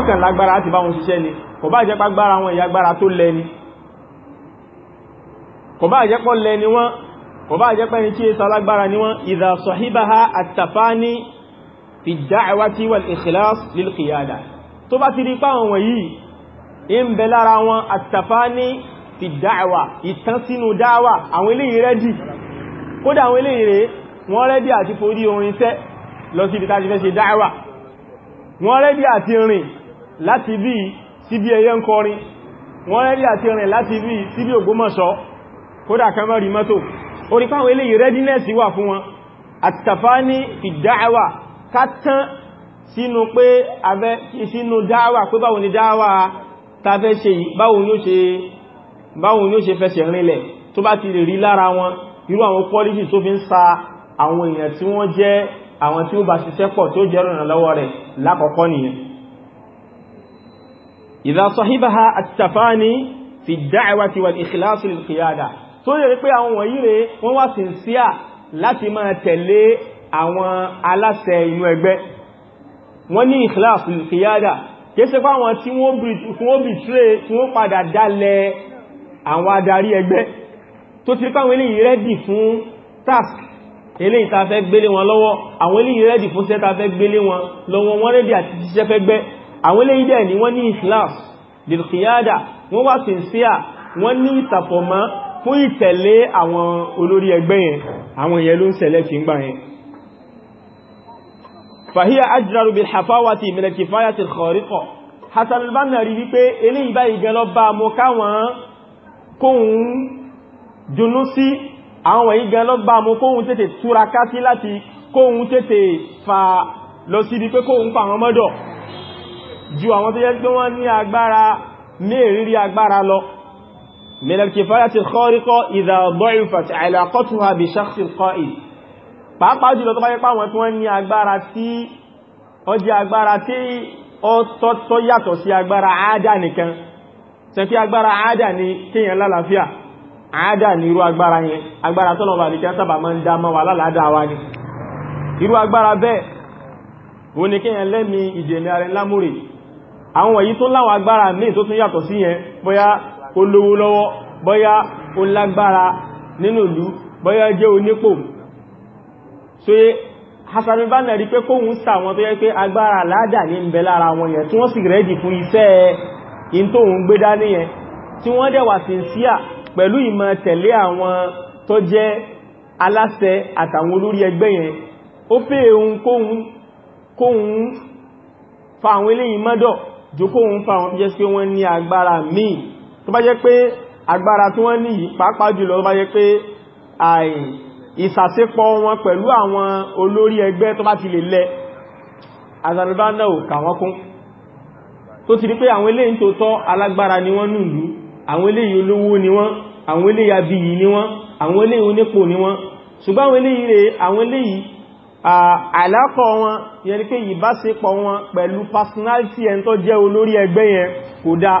kàn lágbára láti bá wọn ṣiṣẹ́ ni kò bá jẹ́ pàgbára wọn ìyágbára tó lẹ́ni kò bá jẹ́pọ̀ lẹ ni wọ́n kò bá jẹ́pẹ́ ni kí é salágbára ni wọ́n idha sahibaha at-tafani fi ad-da'wati wal-ikhlas lil-qiyada tó bá ti rí páwọn wọ̀nyí in bẹ lára wọn at-tafani fi ad-da'wa ìtàn sínú dáwà àwọn eléyìí rẹ́dì kódà àwọn eléyìí rẹ̀ wọ́n àti rìn láti bí síbi ẹyẹ ń kọrin wọ́n rẹ́dì àti rìn láti bí síbi Ògbómọ̀ṣọ́ kódà kan mọ́ rí mọ́tò orí pàwọn eléyìí readiness wà fún wọn àtàfání ìdáwà kátán sínú pé abẹ́ sínú dáwà pé báwo ni dáwà tafẹ́ ṣe báwo ni ó ṣe báwo ni ó ṣe fẹsẹ̀ rinlẹ̀ tó bá ti lè rí lára wọn irú àwọn pọ́lísì tó fi ń sa àwọn èèyàn tí wọ́n jẹ́ àwọn tí ó bá ṣiṣẹ́ pọ̀ tí ó jẹ́ ìrànlọ́wọ́ rẹ̀ lákọ̀ọ́kọ́ nìyẹn ìdásọ́híbáha àtàfání fi dáwà ti wà ìkìláṣì lè tó yẹ pé àwọn wọ̀nyí rẹ̀ wọ́n wá sincere láti máa tẹ̀lé àwọn aláṣẹ inú ẹgbẹ́ wọ́n ní ikhlas qiyada kéèsẹ́ pé àwọn tí wọ́n betray tí wọ́n padà dálẹ̀ àwọn adarí ẹgbẹ́ tó ti pàwọn eléyìí rẹ́dì fún task eléyìí ta fẹ́ gbélé wọn lọ́wọ́ àwọn eléyìí rẹ́dì fún sẹ́ta fẹ́ gbélé wọn lọ́wọ́ wọ́n rẹ́dì àti ṣiṣẹ́ fẹ́ gbẹ́ àwọn eléyìí dẹ̀ ni wọ́n ní ikhlas lil qiyada wọ́n wá sincere wọ́n ní ìtàfọ̀mọ́ fún ìtẹ̀lé àwọn olórí ẹgbẹ́ yẹn àwọn yẹn ló ń sẹ̀lẹ̀ fi ń gbà yẹn fàhíyà ajraru bil hafawati min al kifayati al khariqa Hasan al-Banna rí wípé eléyìí báyìí gan lọ bá mọ́ káwọn kóhun dúnú sí àwọn wọ̀nyí bá mọ́ kóhun tètè túraká sí láti kóhun tètè fa lọ sí ibi pé kóhun pa àwọn mọ́dọ̀ ju àwọn tó yẹ pé ní agbára ní èrírí agbára lọ من الكفاية الخارقة إذا ضعفت علاقتها بشخص القائد pàápàá jùlọ tó bá yẹpá àwọn tí wọ́n ní agbára tí ó jẹ́ agbára tí ó tọ́ yàtọ̀ sí agbára àádà nìkan tẹ́ kí agbára àádà ní kíyàn lálàáfíà àádà ní irú agbára yẹn agbára tọ́lọ̀bà nìkan sábà máa ń dá mọ́ wà lálàádà wa ni irú agbára bẹ́ẹ̀ wọ́n ní kíyàn lẹ́mi ìdènà rẹ̀ lámúrè àwọn wọ̀nyí tó láwọn agbára míì tó tún yàtọ̀ sí yẹn bóyá ó lówó lọ́wọ́ bóyá ó lágbára nínú ìlú bóyá jẹ́ onípò so Hassan Banna rí pé kóhun sàwọn tó yẹ pé agbára aládà ní ń bẹ lára wọn yẹn tí wọ́n sì rẹ́dì fún iṣẹ́ in tó ń gbé dání yẹn tí wọ́n dẹ̀ wà sincere pẹ̀lú ìmọ̀ tẹ̀lé àwọn tó jẹ́ aláṣẹ àtàwọn olórí ẹgbẹ́ yẹn ó fẹ́ ohun kóhun fa àwọn eléyìn mọ́dọ̀ jókóhun fa àwọn tó jẹ́ pé wọ́n ní agbára míì tó bá jẹ́ pé agbára tí wọ́n ní yìí pàápàá jùlọ tó bá jẹ́ pé àì ìsàsípọ̀ wọn pẹ̀lú àwọn olórí ẹgbẹ́ tó bá ti lè lẹ Azerbaijan ni wọ́n nùlú àwọn ni wọ́n àwọn eléyìí ni wọ́n àwọn eléyìí ni wọ́n ṣùgbọ́n àwọn eléyìí rẹ̀ àwọn eléyìí àìlákọ̀ wọn yẹn ni pé ìbáṣepọ̀ wọn pẹ̀lú personality ẹni tó jẹ́ olórí ẹgbẹ́ yẹn kò dáa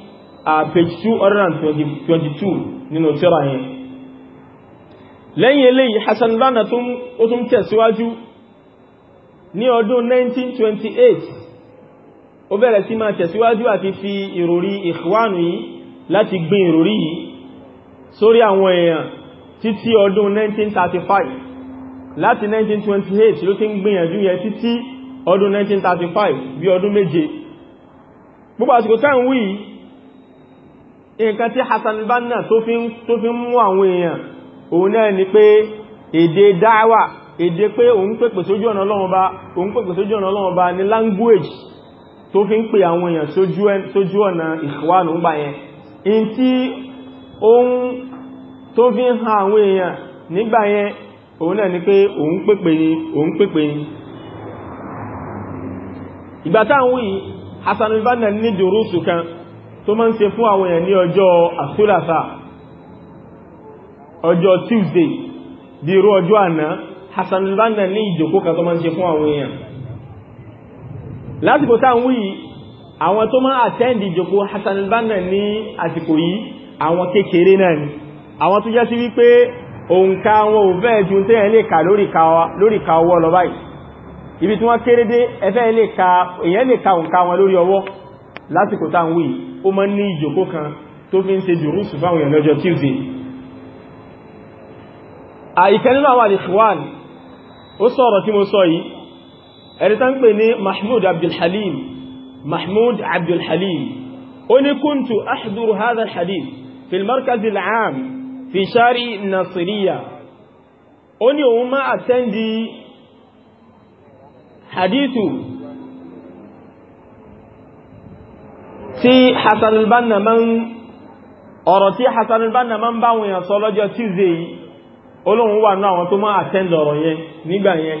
page 222 nínú tírà yẹn lẹ́yìn eléyìí Hassan Banna ó tún tẹ̀síwájú ní ọdún 1928 ó bẹ̀rẹ̀ sí máa tẹ̀síwájú àti fi ìròrí ìkwánù yìí láti gbin ìròrí yìí sórí àwọn èèyàn títí ọdún 1935 láti 1928 ló ti ń gbìyànjú yẹn títí ọdún 1935 bí ọdún méje gbogbo àsìkò táà ń wí yìí nǹkan tí Hassan al-Banna tó fi ń mú àwọn èèyàn òun náà ni pé èdè dáwà èdè pé òun pèpè sójú ọ̀nà Ọlọ́run òun pèpè sójú ọ̀nà Ọlọ́run bá language tó fi ń pè àwọn èèyàn sójú ọ̀nà ìṣòwánù gbà yẹn in tí ohun tó fi ń ha àwọn èèyàn nígbà yẹn òun náà ni pé òun pèpè ni òun pèpè ni ìgbà táwọn yìí Hassan banna ní dòrósù kan tó máa ń ṣe fún àwọn èèyàn ọjọ́ àṣúlàṣà ọjọ́ Tuesday bí irú ọjọ́ àná Hassan al-Banna ní ìjòkó kan tó máa ń ṣe fún àwọn èèyàn lásìkò táwọn wí àwọn tó máa attend ìjòkó Hassan al-Banna ní àsìkò yìí àwọn kékeré náà ni àwọn tó jẹ́ sí wípé òǹkà wọn ò fẹ́ ju tẹ́yẹn lè kà lórí ka ọwọ́ lọ báyìí ibi tí wọ́n kéré dé ẹfẹ́ lè ka òǹkà wọn lórí ọwọ́ lásìkò táwọn wí ó máa ń ní ìjòkó kan tó fi ń ṣe dùrúsù fáwọn èèyàn lọ́jọ́ tuesday àìkẹ́ nínú àwọn àdìfúwàn ó sọ̀rọ̀ tí mo sọ yìí ẹni tán pè ní mahmoud abdulhalim mahmoud abdulhalim ó ní kúntù ahduru hadha alhadith fi markazi fi shari nasiriya ó ní òun máa àtẹ́ndì hadithu tí Hassan al-Banna ma ń ọ̀rọ̀ tí Hassan al-Banna ma ń bá wọn yàn sọ lọ́jọ́ Tuesday yìí olóhun wà náà àwọn tó máa attend ọ̀rọ̀ yẹn nígbà yẹn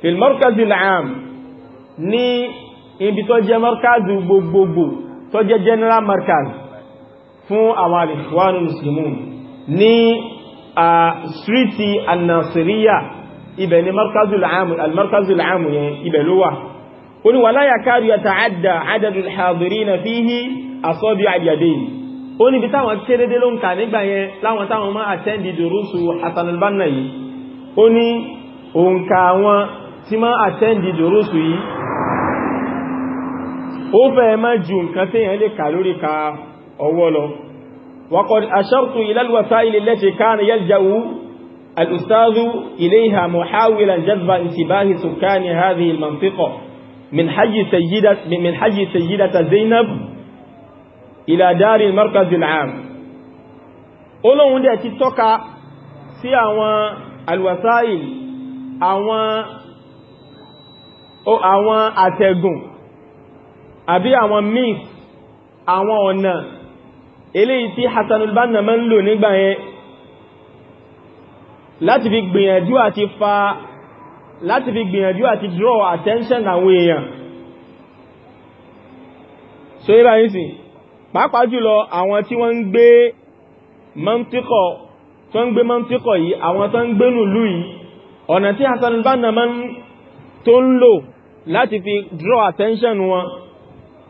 fil markazi al-am ní ibi tó jẹ́ markazi gbogbogbò tó jẹ́ general markaz fún àwọn al-Ikhwanul Muslimun ní street an ibẹ̀ ni markazi al yẹn ibẹ̀ ló wà ó ní wala yakadu yata'adda adadu al-hadirina fihi asabi'a al-yadayn ó ní bí táwọn kérédé ló ń kà nígbà yẹn láwọn táwọn máa àtẹ́ndì dùrúsù Hasan al-Banna yìí ó ní òǹkà àwọn tí máa àtẹ́ndì dùrúsù yìí ó fẹ́ má ju nǹkan tí yẹn lè kà lórí ka ọwọ́ lọ وقد أشرت إلى الوسائل التي كان يلجأ الأستاذ إليها محاولا جذب انتباه سكان هذه المنطقة من حي سيدة من حي سيدة زينب إلى دار المركز العام Ọlọ́hun dẹ̀ ti tọ́ka sí àwọn alwasail àwọn o àwọn àtẹ̀gùn àbí àwọn means àwọn ọ̀nà eléyìí tí Hassanul Banna máa ń lò nígbà yẹn láti fi gbìyànjú àti fa láti fi gbìyànjú àti draw attention àwọn èèyàn so yíba yìí sí pàápàá jùlọ àwọn tí wọ́n ń gbé mọ́ntíkọ̀ tó ń gbé mọ́ntíkọ̀ yìí àwọn tó ń gbé nùlú yìí ọ̀nà tí Hassan al-Banna máa ń tó ń lò láti fi draw attention wọn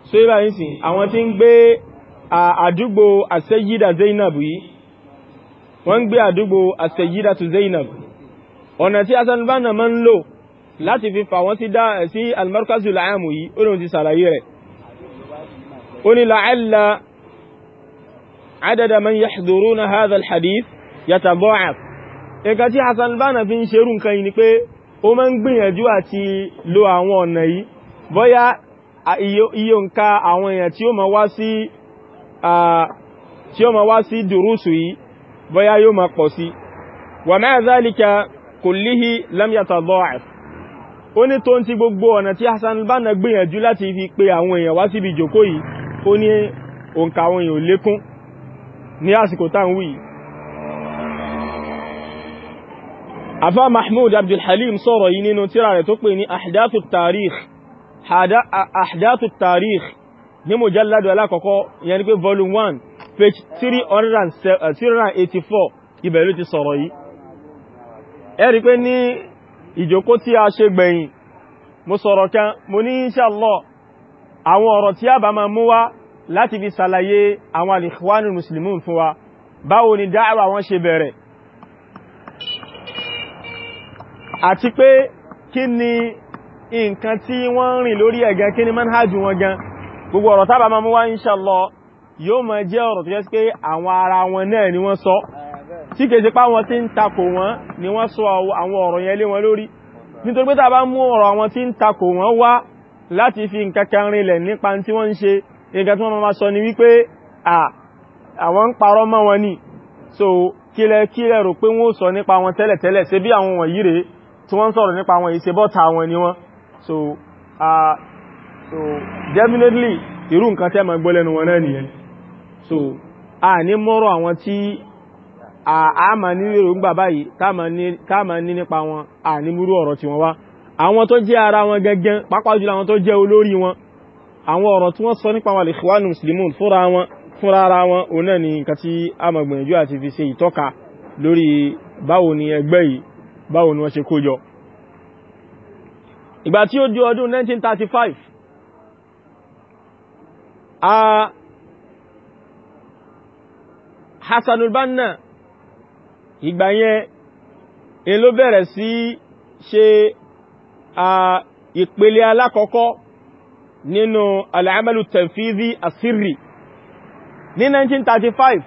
so yíba yìí sí àwọn tí ń gbé àdúgbò àṣẹ́yídà Zainab yìí wọ́n ń gbé àdúgbò àṣẹ́yídà tu Zainab yìí ọ̀nà tí Hassan al-Banna máa ń lò láti fi fà wọ́n sí al-markazu la'amu yìí ó lóun ti sàlàyé rẹ̀ ó ní la'alla adada man yahduruna hadha al-hadith yatadha'af nǹkan tí Hassan al-Banna fi ń ṣerú nǹkan yìí ni pé ó máa ń gbìyànjú àti lo àwọn ọ̀nà yìí bóyá iye nǹka àwọn èèyàn tí ó máa wá sí dùrúsù yìí bóyá yóò máa pọ̀ sí wa ma'a dhalika kullihi lam yatadha'af ó ní tó ń ti gbogbo ọ̀nà tí Hassan al-Banna gbìyànjú láti fi pe àwọn èèyàn wá síbi ìjòkó yìí ó ní òǹkà àwọn èèyàn lékún ní àsìkò tá ń wí afá Mahmud Abdulhalim sọ̀rọ̀ yìí nínú tírà rẹ̀ tó pè ní ahdathu tarikh ahdathu tarikh ní mujalladu alákọ̀ọ́kọ́ yẹn ni pé volume 1 page 384 uh, ibẹ̀ ti sọ̀rọ̀ yìí ẹ rí pé ní ìjókó tí a ṣe gbẹ̀yìn mo sọ̀rọ̀ kan mo ní inshallah àwọn ọ̀rọ̀ tí a bá máa mú wá láti fi ṣàlàyé àwọn al-Ikhwanul Muslimun fún wa báwo ni dáàwà wọn ṣe bẹ̀rẹ̀ àti pé kí ni nǹkan tí wọ́n rìn lórí ẹ̀gán kí ni manhajú wọn gan gbogbo ọ̀rọ̀ tábà máa mú wá inshallah yóò máa jẹ́ ọ̀rọ̀ tó jẹ́ pé àwọn ara wọn náà ni wọ́n sọ tí kìí ṣe páwọn tí ń takò wọ́n ni wọ́n sọ àwọn ọ̀rọ̀ yẹn lé wọn lórí nítorí pé tá bá mú ọ̀rọ̀ àwọn tí ń takò wọ́n wá láti fi nǹkankan rinlẹ̀ nípa tí wọ́n ń ṣe nǹkan tí wọ́n máa sọ ni wípé àwọn ń parọ́ mọ́ wọn ni so kílẹ̀ kílẹ̀ rò pé wọ́n sọ nípa wọn tẹ́lẹ̀tẹ́lẹ̀ ṣe bí àwọn wọ̀nyí rèé tí wọ́n sọ̀rọ̀ nípa wọn ìṣe bọ́ta wọn ni wọ́n so so definitely irú nǹkan tẹ́ máa gbọ́ wọn náà nìyẹn so a ní mọ́rọ̀ àwọn tí àmà ní èròǹgbà báyìí táàmà ní nípa wọn àníbúrú ọ̀rọ̀ tí wọ́n wá àwọn tó jẹ́ ara wọn gẹ́gẹ́ pàápàá jùlọ tó jẹ́ olórí wọn àwọn ọ̀rọ̀ tí wọ́n sọ nípa wà lèṣíwánù muslimun fúnra ara a máa gbìyànjú àti fi ṣe ìtọ́ka lórí báwo ni ẹgbẹ́ yìí báwo ni wọ́n ṣe kó jọ ìgbà tí ó di 1935 a Hassanul Banna ìgbà yẹn in ló bẹ̀rẹ̀ sí ṣe ìpele alákọ̀ọ́kọ́ nínú al'amalu tanfidhi asirri ní 1935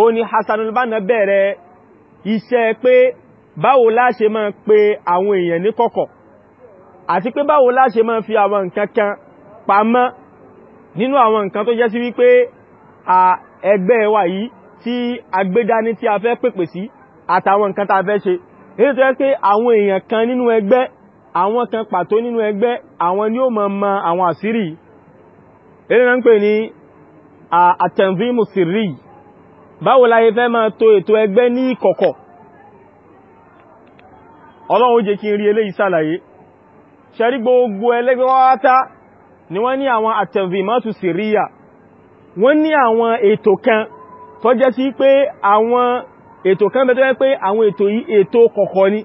ó ní Hassan al-Banna bẹ̀rẹ̀ iṣẹ́ pé báwo la ṣe máa pe àwọn èèyàn ní kọ̀kọ̀ àti pé báwo la ṣe máa fi àwọn nǹkan kan pamọ́ nínú àwọn nǹkan tó jẹ́ sí wípé ẹgbẹ́ wa yìí tí agbédání tí a fẹ́ pèpè sí àtàwọn nǹkan tá a fẹ́ ṣe èyí tó yẹ pé àwọn èèyàn kan nínú ẹgbẹ́ àwọn kan pàtó nínú ẹgbẹ́ àwọn ni ó mọ̀ mọ àwọn àṣírí èyí náà ń pè ní àtẹ̀mvímù sírì báwo la yẹ fẹ́ máa to ètò ẹgbẹ́ ní ìkọ̀kọ̀ ọlọ́run jẹ́ kí n rí eléyìí ṣàlàyé ṣẹ́rí gbogbo ẹlẹ́gbẹ́ wáwátá ni wọ́n ní àwọn àtẹ̀mvímù sírìyà wọ́n ní àwọn ètò kan tó jẹ́ sí pé àwọn ètò kan bẹ̀ tó jẹ́ pé àwọn ètò yìí ètò kọ̀kọ̀ ni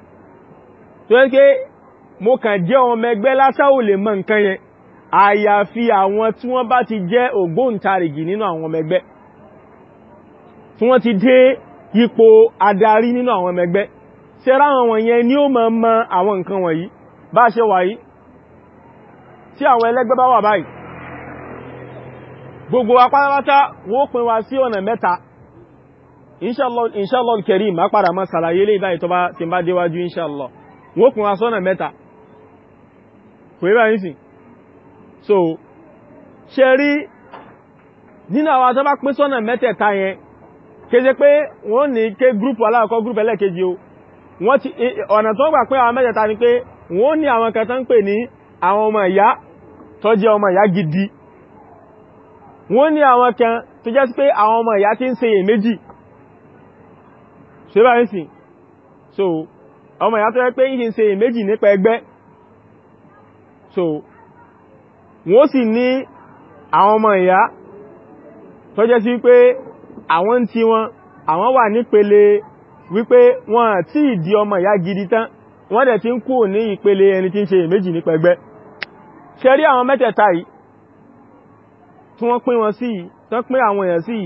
tó jẹ́ pé mo kàn jẹ́ ọmọ ẹgbẹ́ lásán ò lè mọ nǹkan yẹn àyàfi àwọn tí wọ́n bá ti jẹ́ ògbóǹtarìgì nínú àwọn ọmọ ẹgbẹ́ tí wọ́n ti dé ipò adarí nínú àwọn ọmọ ẹgbẹ́ ṣẹ́rá àwọn wọ̀nyẹn ni ó mọ mọ àwọn nǹkan wọ̀nyí gbogbo apátápátá wọ́n pín wa sí ọ̀nà mẹ́ta inshallah inshallah al-karim má padà mọ́ sàlàyé lè báyìí tó bá ti bá déwájú inshallah wọ́n kún asọ́nà mẹ́ta kò yí sí so ṣe rí nínú àwọn tó bá pín sọ́nà mẹ́tẹ̀ẹ̀ta yẹn kéje pé wọ́n ní ké gúrùpù aláàkọ́ gúrùpù ẹlẹ́kejì o wọ́n ti ọ̀nà tó gbà pé àwọn mẹ́tẹ̀ẹ̀ta ni pé wọ́n ní àwọn kan ń pè ní àwọn ọmọ ìyá tó jẹ́ ọmọ ìyá gidi wọ́n ní àwọn kan tó jẹ́ sí pé àwọn ọmọ ìyá ti ń ṣe èméjì ṣe bá ń sìn so ọmọ ìyá tó yẹ pé yìí ṣe méjì nípa ẹgbẹ́ so wọ́n sì ní àwọn ọmọ ìyá tó jẹ́ sí pé àwọn tí wọn àwọn wà nípele wípé wọn tí ìdí ọmọ ìyá gidi tán wọ́n dẹ̀ ti ń kú ní ìpele ẹni tí ń ṣe méjì nípa ẹgbẹ́ ṣe rí àwọn mẹ́tẹ̀ẹ̀ta yìí tí wọ́n pín wọn sí tán pín àwọn èèyàn sí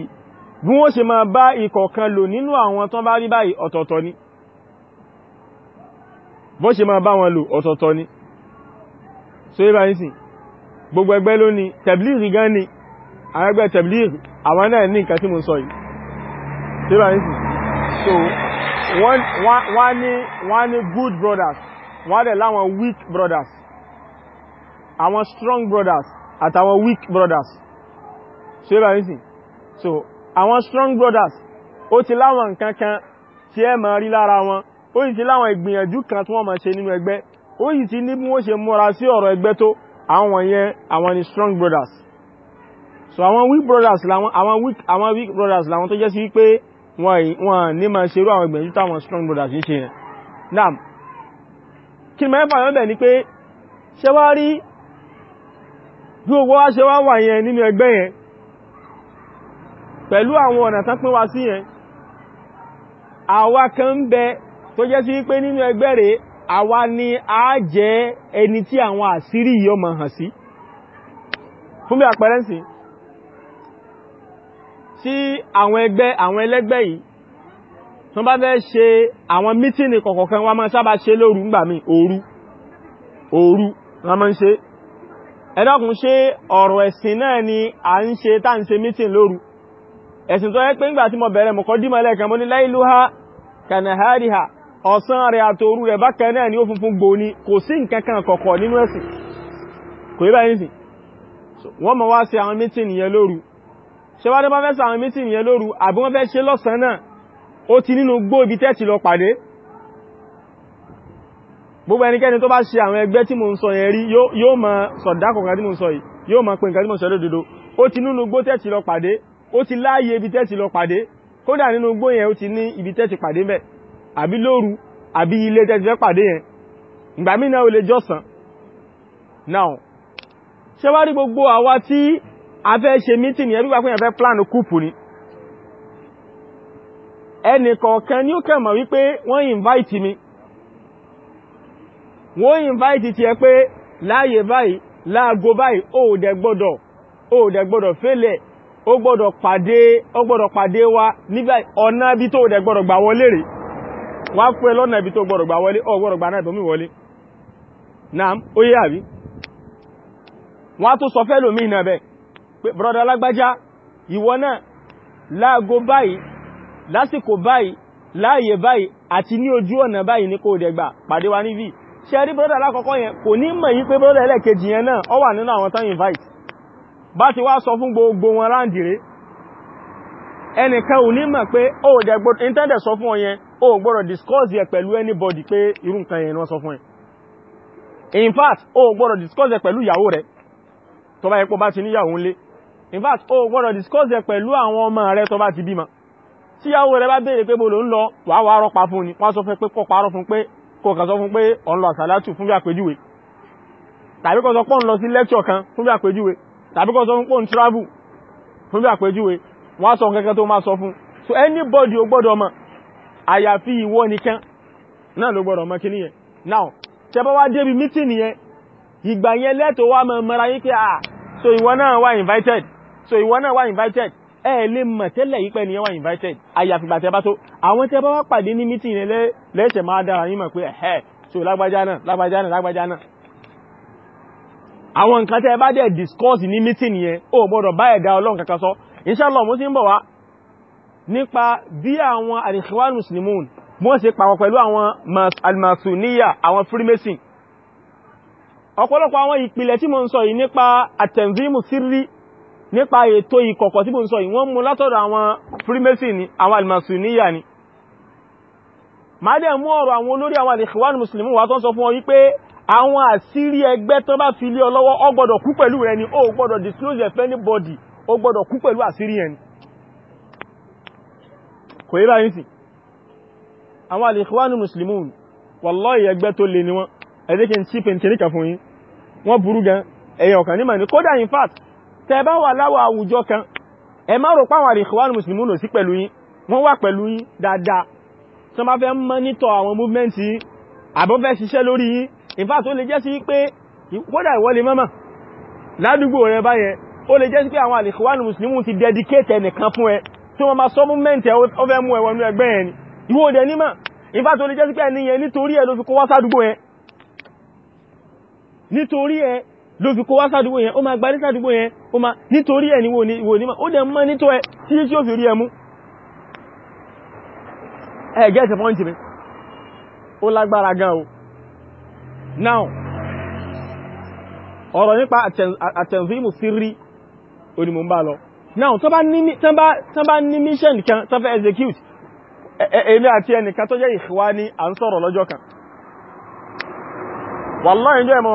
bí wọ́n ṣe máa bá ikọ̀ kan lò nínú àwọn tán bá rí báyìí ọ̀tọ̀ọ̀tọ̀ ni bó ṣe máa bá wọn lò ọ̀tọ̀ọ̀tọ̀ ni so yíba ní sí gbogbo ẹgbẹ́ ló ní tẹ̀blìrì gan ni àwọn ẹgbẹ́ tẹ̀blìrì àwọn náà ní nǹkan tí mo sọ yìí so yíba ní sí so wọ́n ní wọ́n ní good brothers wọ́n dẹ̀ láwọn weak brothers àwọn strong brothers àtàwọn weak brothers so yíba ní sí so àwọn strong brothers ó ti láwọn nǹkan kan tí ẹ máa rí lára wọn ó sì ti láwọn ìgbìyànjú kan tí wọ́n máa ṣe nínú ẹgbẹ́ ó sì ti ní bí wọ́n ṣe múra sí ọ̀rọ̀ ẹgbẹ́ tó àwọn yẹn àwọn ni strong brothers so àwọn weak brothers làwọn àwọn weak àwọn weak brothers làwọn tó jẹ́ sí wípé wọ́n wọ́n ní máa ṣerú àwọn ìgbìyànjú táwọn strong brothers ń ṣe yẹn nam kí ni máa ń fà yọ́n bẹ̀ ni pé ṣé wá rí bí owó wá ṣe wá wà yẹn nínú ẹgbẹ́ yẹn pẹ̀lú àwọn ọ̀nà tán pín wa sí yẹn àwa kan ń bẹ tó jẹ́ sí wípé nínú ẹgbẹ́ rẹ̀ àwa ni a jẹ́ ẹni tí àwọn àṣírí yìí ó máa hàn sí fún bí àpẹẹrẹ sí sí àwọn ẹgbẹ́ àwọn ẹlẹ́gbẹ́ yìí tó bá fẹ́ ṣe àwọn mítìnì kọ̀kọ̀kan wa máa sábà ṣe lóru ńgbà mi òru òru wọ́n máa ń ṣe ẹ̀dọ́kùn ṣe ọ̀rọ̀ ẹ̀sìn náà ni à ń ṣe tá ń ṣe mítìnì lóru ẹ̀sìn tó yẹ pé ńgbà tí mo bẹ̀rẹ̀ mọ̀kọ́ dímọ̀ lẹ́ẹ̀kan mo ní láìlúha kanahariha ọ̀sán rẹ̀ àtòru rẹ̀ bákan náà ni ó funfun gbò ní kò sí nǹkan kan kọ̀kọ̀ nínú ẹ̀sìn kò yíba yìí wọ́n mọ̀ wá sí àwọn mítìn yẹn lóru ṣe wá dẹ́bá fẹ́ sí àwọn mítìn yẹn lóru àbí wọ́n fẹ́ ṣe lọ́sàn náà ó ti nínú gbó ibi tẹ́ẹ̀tì lọ pàdé gbogbo ẹnikẹ́ni tó bá ṣe ti lọ pàdé ó ti láàyè ibi tẹ́ẹ̀tì lọ pàdé kódà nínú igbó yẹn ó ti ní ibi tẹ́ẹ̀tì pàdé mẹ́ àbí lóru àbí ilé tẹ́ẹ̀tì fẹ́ pàdé yẹn ìgbà mí náà ó lè jọ́sàn now gbogbo awa tí a fẹ́ ṣe mítì ní plan ni ẹnì invite mi won invite ti epe báyìí ó dẹ̀ gbọ́dọ̀ ó gbọ́dọ̀ pàdé ó gbọ́dọ̀ pàdé wá nígbà ọ̀nà ibi tó dẹ̀ gbọ́dọ̀ gbà wọlé rẹ̀ wá fún ẹ lọ́nà ibi tó gbọ́dọ̀ gbà wọlé ó gbọ́dọ̀ gbà náà ìbòmí wọlé naam ó yé àbí wọ́n á tó sọ fẹ́ lómi ìnà bẹ́ pé brọ́dà alágbájá ìwọ náà láago báyìí lásìkò báyìí láàyè báyìí àti ní ojú ọ̀nà báyìí ní kò dẹ̀ bá ti wá sọ fún gbogbo wọn ráǹdìrí ẹnìkan ò ní mọ̀ pé ó dẹ̀ gbọ́dọ̀ intended sọ fún ọ yẹn ó gbọ́dọ̀ discuss yẹ pẹ̀lú anybody pé irú nǹkan yẹn wọ́n sọ fún ẹ in fact ó gbọ́dọ̀ discuss yẹ pẹ̀lú ìyàwó rẹ tó bá yẹ pé bá ti níyàwó ńlé in fact ó gbọ́dọ̀ discuss yẹ pẹ̀lú àwọn ọmọ rẹ tó bá ti bímọ tí ìyàwó rẹ bá béèrè pé bolo ń lọ wàá wàá rọpa fún ni wọ́n sọ fún pé kó parọ́ fún pé kó kàn sọ fún pé ọ̀n lọ àsàlátù fún bí àpèjúwe tàbí kó sọ pé lọ sí lecture kan fún bí àpèjúwe tàbí kọ́ sọ fún pọ́n travel fún bí àpèjúwe wọ́n sọ kẹ́kẹ́ tó máa sọ fún so anybody ó gbọ́dọ̀ mọ̀ àyàfi ìwọ nìkan náà ló gbọ́dọ̀ mọ̀ kíní yẹn now tẹ́ bá wá débi meeting yẹn ìgbà yẹn lẹ́tọ̀ wá mọ̀ mọ́ra yín pé à so ìwọ náà wá invited so ìwọ náà wá invited ẹ lè mọ̀ tẹ́lẹ̀ yí pé ni wá invited àyàfi ìgbà tẹ́ bá tó àwọn tẹ́ bá wá pàdé ní meeting yẹn lẹ́ẹ̀ṣẹ̀ máa dára yín mọ̀ pé ẹ̀hẹ́ so lágbájá náà lágbájá náà lágbájá náà àwọn nǹkan tẹ́ bá dẹ̀ discuss ní meeting yẹn ó gbọ́dọ̀ bá ẹ̀dá ọlọ́run kankan sọ inshallah mo ti ń bọ̀ wá nípa bí àwọn al-Ikhwan Muslimun wọ́n ṣe pàwọ̀ pẹ̀lú àwọn al-Masuniya àwọn Freemason ọ̀pọ̀lọpọ̀ àwọn ìpìlẹ̀ tí mo ń sọ yìí nípa at-Tanzimu Sirri nípa ètò ìkọ̀kọ̀ tí mo ń sọ yìí wọ́n mú látọ̀dọ̀ àwọn Freemason ni àwọn al-Masuniya ni máa dẹ̀ mú ọ̀rọ̀ àwọn olórí àwọn al-Ikhwan Muslimun wà tó ń sọ fún ọ wípé àwọn àṣírí ẹgbẹ́ tó bá fi lé ọ lọ́wọ́ ọ gbọ́dọ̀ kú pẹ̀lú rẹ ni ó gbọ́dọ̀ disclose ẹ̀fẹ́ ní body ó gbọ́dọ̀ kú pẹ̀lú àṣírí ẹni kò yí báyìí sí àwọn al-Ikhwanul Muslimun wallahi ẹgbẹ́ tó lè ní wọn ẹ̀dẹ́kẹ́ ń sípẹ̀ kìríkà fún yín wọ́n in fact tẹ bá wà láwọ̀ kan ẹ má rò páwọn Muslimun lò sí pẹ̀lú yín wọ́n wà pẹ̀lú yín dáadáa tí wọ́n bá fẹ́ mọ́nítọ̀ àwọn movement in fact ó lè jẹ́ sí pé kódà ìwọ lè mọ́mà ládùúgbò rẹ báyẹn ó lè jẹ́ sí pé àwọn àlèkọ́wàlù mùsùlùmù ti dedicate ẹnìkan fún ẹ tí wọ́n máa sọ mú mẹ́ntẹ̀ ó fẹ́ mú ẹ wọnú ẹgbẹ́ ẹni ìwọ òdẹ nímà in fact ó lè jẹ́ sí pé ẹni yẹn nítorí ẹ ló fi kó wá sádùúgbò yẹn nítorí ẹ ló fi kó wá sádùúgbò yẹn ó máa gbarí sádùúgbò yẹn ó máa nítorí ẹ ni ìwọ nímà ó dẹ̀ mọ́ nítọ́ ẹ tí tí ó fi rí ẹ mú ẹ gẹ́ẹ̀tì pọ́ǹtì mi ó lágbára gan o now ọ̀rọ̀ nípa àtẹ̀nfíìmù sírí onímọ̀ ń bá lọ now tán bá ní mission kan tán fẹ́ execute èmi àti ẹnìkan tó jẹ́ ìhwá ní à ń sọ̀rọ̀ lọ́jọ́ kan wallahi ìjọ ẹ̀mọ̀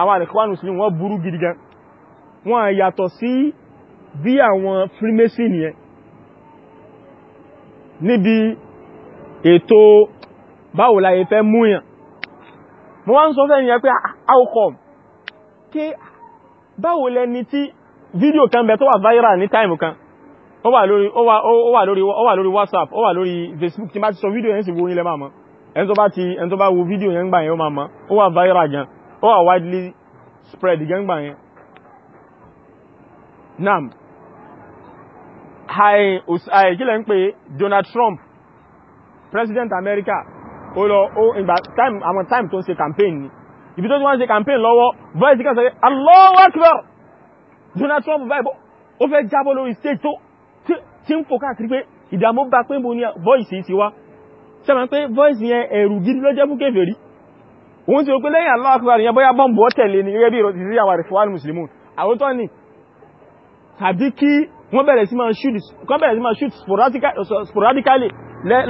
àwọn ìhwá nùsùlùm wọ́n burú gidi gan wọ́n yàtọ̀ sí bí àwọn freemason yẹn níbi ètò báwo la yẹ fẹ́ múyàn mo wá ń sọ fẹ́ni ẹ pé àwọ̀kọ̀ ah, kí báwo lẹni tí fídíò kan bẹ tó wà viral ní time kan ó wà lórí ó wà lórí ó whatsapp ó wà lórí facebook tí bá ti sọ fídíò yẹn sì wo nílẹ̀ máa mọ́ ẹni tó bá ti ẹni tó bá wo fídíò yẹn gbà ó máa mọ́ ó wà viral gan ó wà widely spread gan gbà nam hai kí lẹ́ ń pè Donald Trump president America ó lọ ìgbà time àwọn time tó ń ṣe campaign ni ibi tó ti wá ń ṣe campaign lọ́wọ́ voice kan sọ Allahu Akbar Donald Trump báyìí ó fẹ́ jábọ́ lórí stage tó tí ń fò káàkiri pé ìdààmú bá pé mo ní voice yìí ti wá sẹ́wọ̀n pé voice yẹn ẹ̀rù gidi ló jẹ́ fún kèfèrí òun ti rò pé lẹ́yìn Allahu Akbar yẹn bóyá bọ́m̀bù ọ̀tẹ̀lẹ̀ ni gẹ́gẹ́ bí ìrọ̀tì sí àwọn àrífọ́wà mùsùlùmù àwòtọ́ ni tàbí kí wọ́n bẹ̀rẹ̀ sí máa shoot sporadically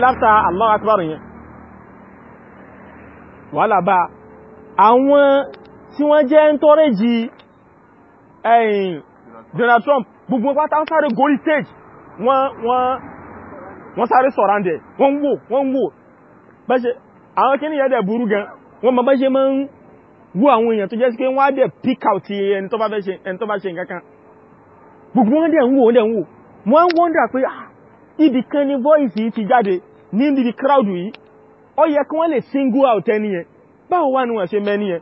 láfta Allahu Akbar wàhálà bá àwọn tí wọ́n jẹ́ ń tọ́rẹ́jì ẹ̀yìn Donald Trump gbogbo pátá ń sáré gorí stage wọ́n wọ́n wọ́n sáré sọ̀ràndẹ̀ wọ́n wò wọ́n wò bẹ́ṣe àwọn kí ní ẹ̀dẹ̀ burú gan wọ́n ma bẹ́ṣe máa ń wú àwọn èèyàn tó jẹ́ sí pé wọ́n á dẹ̀ pick out ẹni tó bá ṣe nǹkan kan gbogbo wọ́n dẹ̀ ń wò wọ́n dẹ̀ ń wò wọ́n wọ́n dà pé ah, ibì kan ni voice yìí ti jáde ní ibi crowd yìí ó yẹ kí wọ́n lè single out ẹni yẹn báwo wá ní wọ́n ṣe mẹ́ni yẹn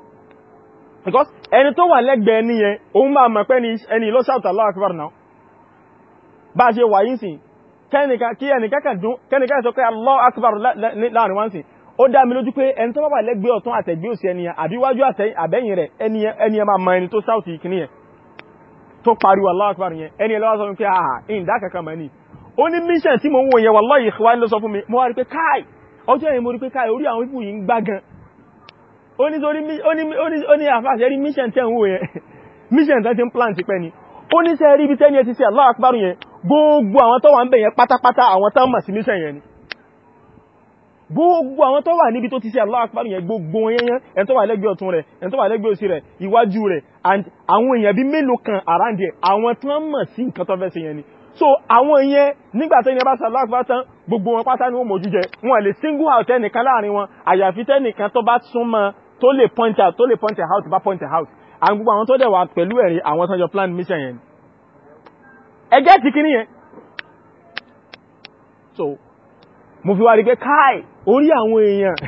because ẹni tó wà lẹ́gbẹ̀ẹ́ ẹni yẹn òun máa mọ̀ pé ẹni ló shout Allahu Akbar náà bá ṣe wà yí sí kí ẹnìkẹ́kẹ́ sọ pé Allahu Akbar láàrin wá sí ó dá mi lójú pé ẹni tó wà lẹ́gbẹ̀ẹ́ ọ̀tún àtẹ̀gbẹ́ òsì ẹni yẹn àbíwájú àbẹ́yìn rẹ̀ ẹni yẹn máa mọ ẹni tó shout ìkíní yẹn tó pariwo Allahu Akbar yẹn ẹni ẹ lọ́wọ́ sọ pé àà ìdákẹ́kẹ́ mọ̀ ní ó ní mission tí mo ń wò yẹn wallahi ìwáyé ló sọ fún mi mo wá rí pé káì ọjọ́ yẹn mo rí pé káyẹ̀ orí àwọn pípù yìí ń gbá gan ó ní àfáàṣẹ́ rí mission tẹ́ ń wò yẹn mission tẹ́ ti ń plant pẹ́ ni ó ní sẹ́ rí ibi tẹ́ni ẹti sí Allahu yẹn gbogbo àwọn tó ń bẹ̀ yẹn pátápátá àwọn tán mà sí mission yẹn ni gbogbo àwọn èèyàn bí ni so bá sí tán gbogbo wọn pátá ni wọ́n mójú jẹ wọn lè single out ẹnìkan láàrin wọn àyàfi tẹnìkan tó bá súnmọ́ tó lè point out tó lè point out bá point out àwọn gbogbo àwọn tó dẹ̀ wà pẹ̀lú ẹ̀rí àwọn tó ń jọ plan mission yẹn ẹgẹ́ ti kí nìyẹn so mo fi wá rí pé káì orí àwọn èèyàn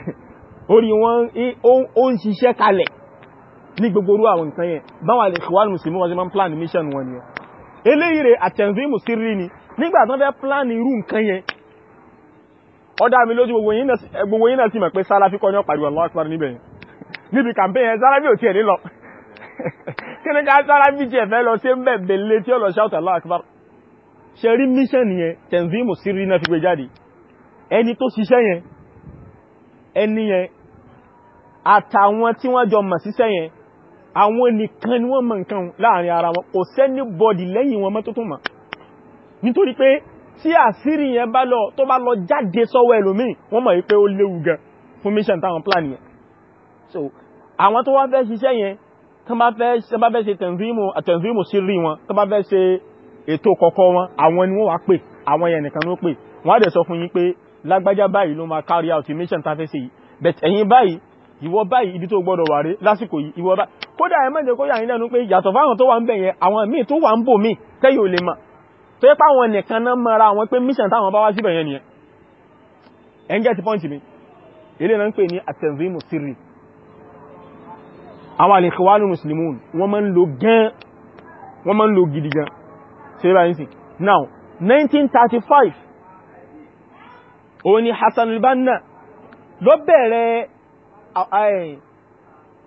orí wọn ó ń ṣiṣẹ́ kalẹ̀ ní gbogbo orú àwọn nǹkan yẹn báwọn Ikhwanul Muslimin wọ́n ti máa ń plan mission wọn nìyẹn eléyìí rẹ̀ àtẹ̀ǹfì mùsírì ni nígbà tó fẹ́ plan irú nǹkan yẹn ó dá mi lójú gbogbo yín náà sì eh, mọ̀ pé sáláfí kọ́ ní ọ̀pàdé Allahu Akbar níbẹ̀ níbi campaign sáláfí ò tiẹ̀ ní lọ kí ni ká sáláfí tiẹ̀ fẹ́ lọ sí bẹ̀bẹ̀ lé tí ó lọ shout Allahu Akbar ṣe rí mission yẹn Tanzimu Sirri náà fi gbé jáde ẹni tó ṣiṣẹ́ yẹn ẹni yẹn àtàwọn tí ni wọ́n mọ̀ nǹkan láàrin ara wọn kò sẹ́ni bọ́dì lẹ́yìn wọn tí àṣírí yẹn bá lọ tó bá lọ jáde sọ́wọ́ ẹlòmíì wọ́n mọ̀ wípé ó léwu gan fún mission táwọn plan yẹn so àwọn tó wá fẹ́ ṣiṣẹ́ yẹn tó bá fẹ́ ṣe tẹ̀nzímù sí rí wọn tó bá fẹ́ ṣe ètò kọ̀ọ̀kọ̀ wọn àwọn ni wọ́n wá pè àwọn yẹn nìkan ló pè wọ́n á dẹ̀ sọ fún yín pé lágbájá báyìí ló máa carry out mission tá a fẹ́ ṣe yìí but ẹ̀yin báyìí ìwọ báyìí ibi tó gbọdọ̀ wà rí lásìkò yìí ìwọ báyìí kódà ẹ má jẹ́ kó yà yín lẹ́nu pé yàtọ̀ fáwọn tó wà ń bẹ̀ yẹn àwọn míì tó wà ń bò míì tẹ́yìn ò lè mọ̀ tó yẹ páwọn nìkan náà mara àwọn pé mission táwọn bá wá síbẹ̀ yẹn nìyẹn ẹn gẹ́ẹ̀tì pọ́ǹtì mi ilé náà ń pè ní àtẹ̀zímù sírì àwọn àlèkọwàlù muslimun wọ́n wọ́n máa ń lo gidi gan ṣe now 1935 òun ni Hassan al-Banna ló bẹ̀rẹ̀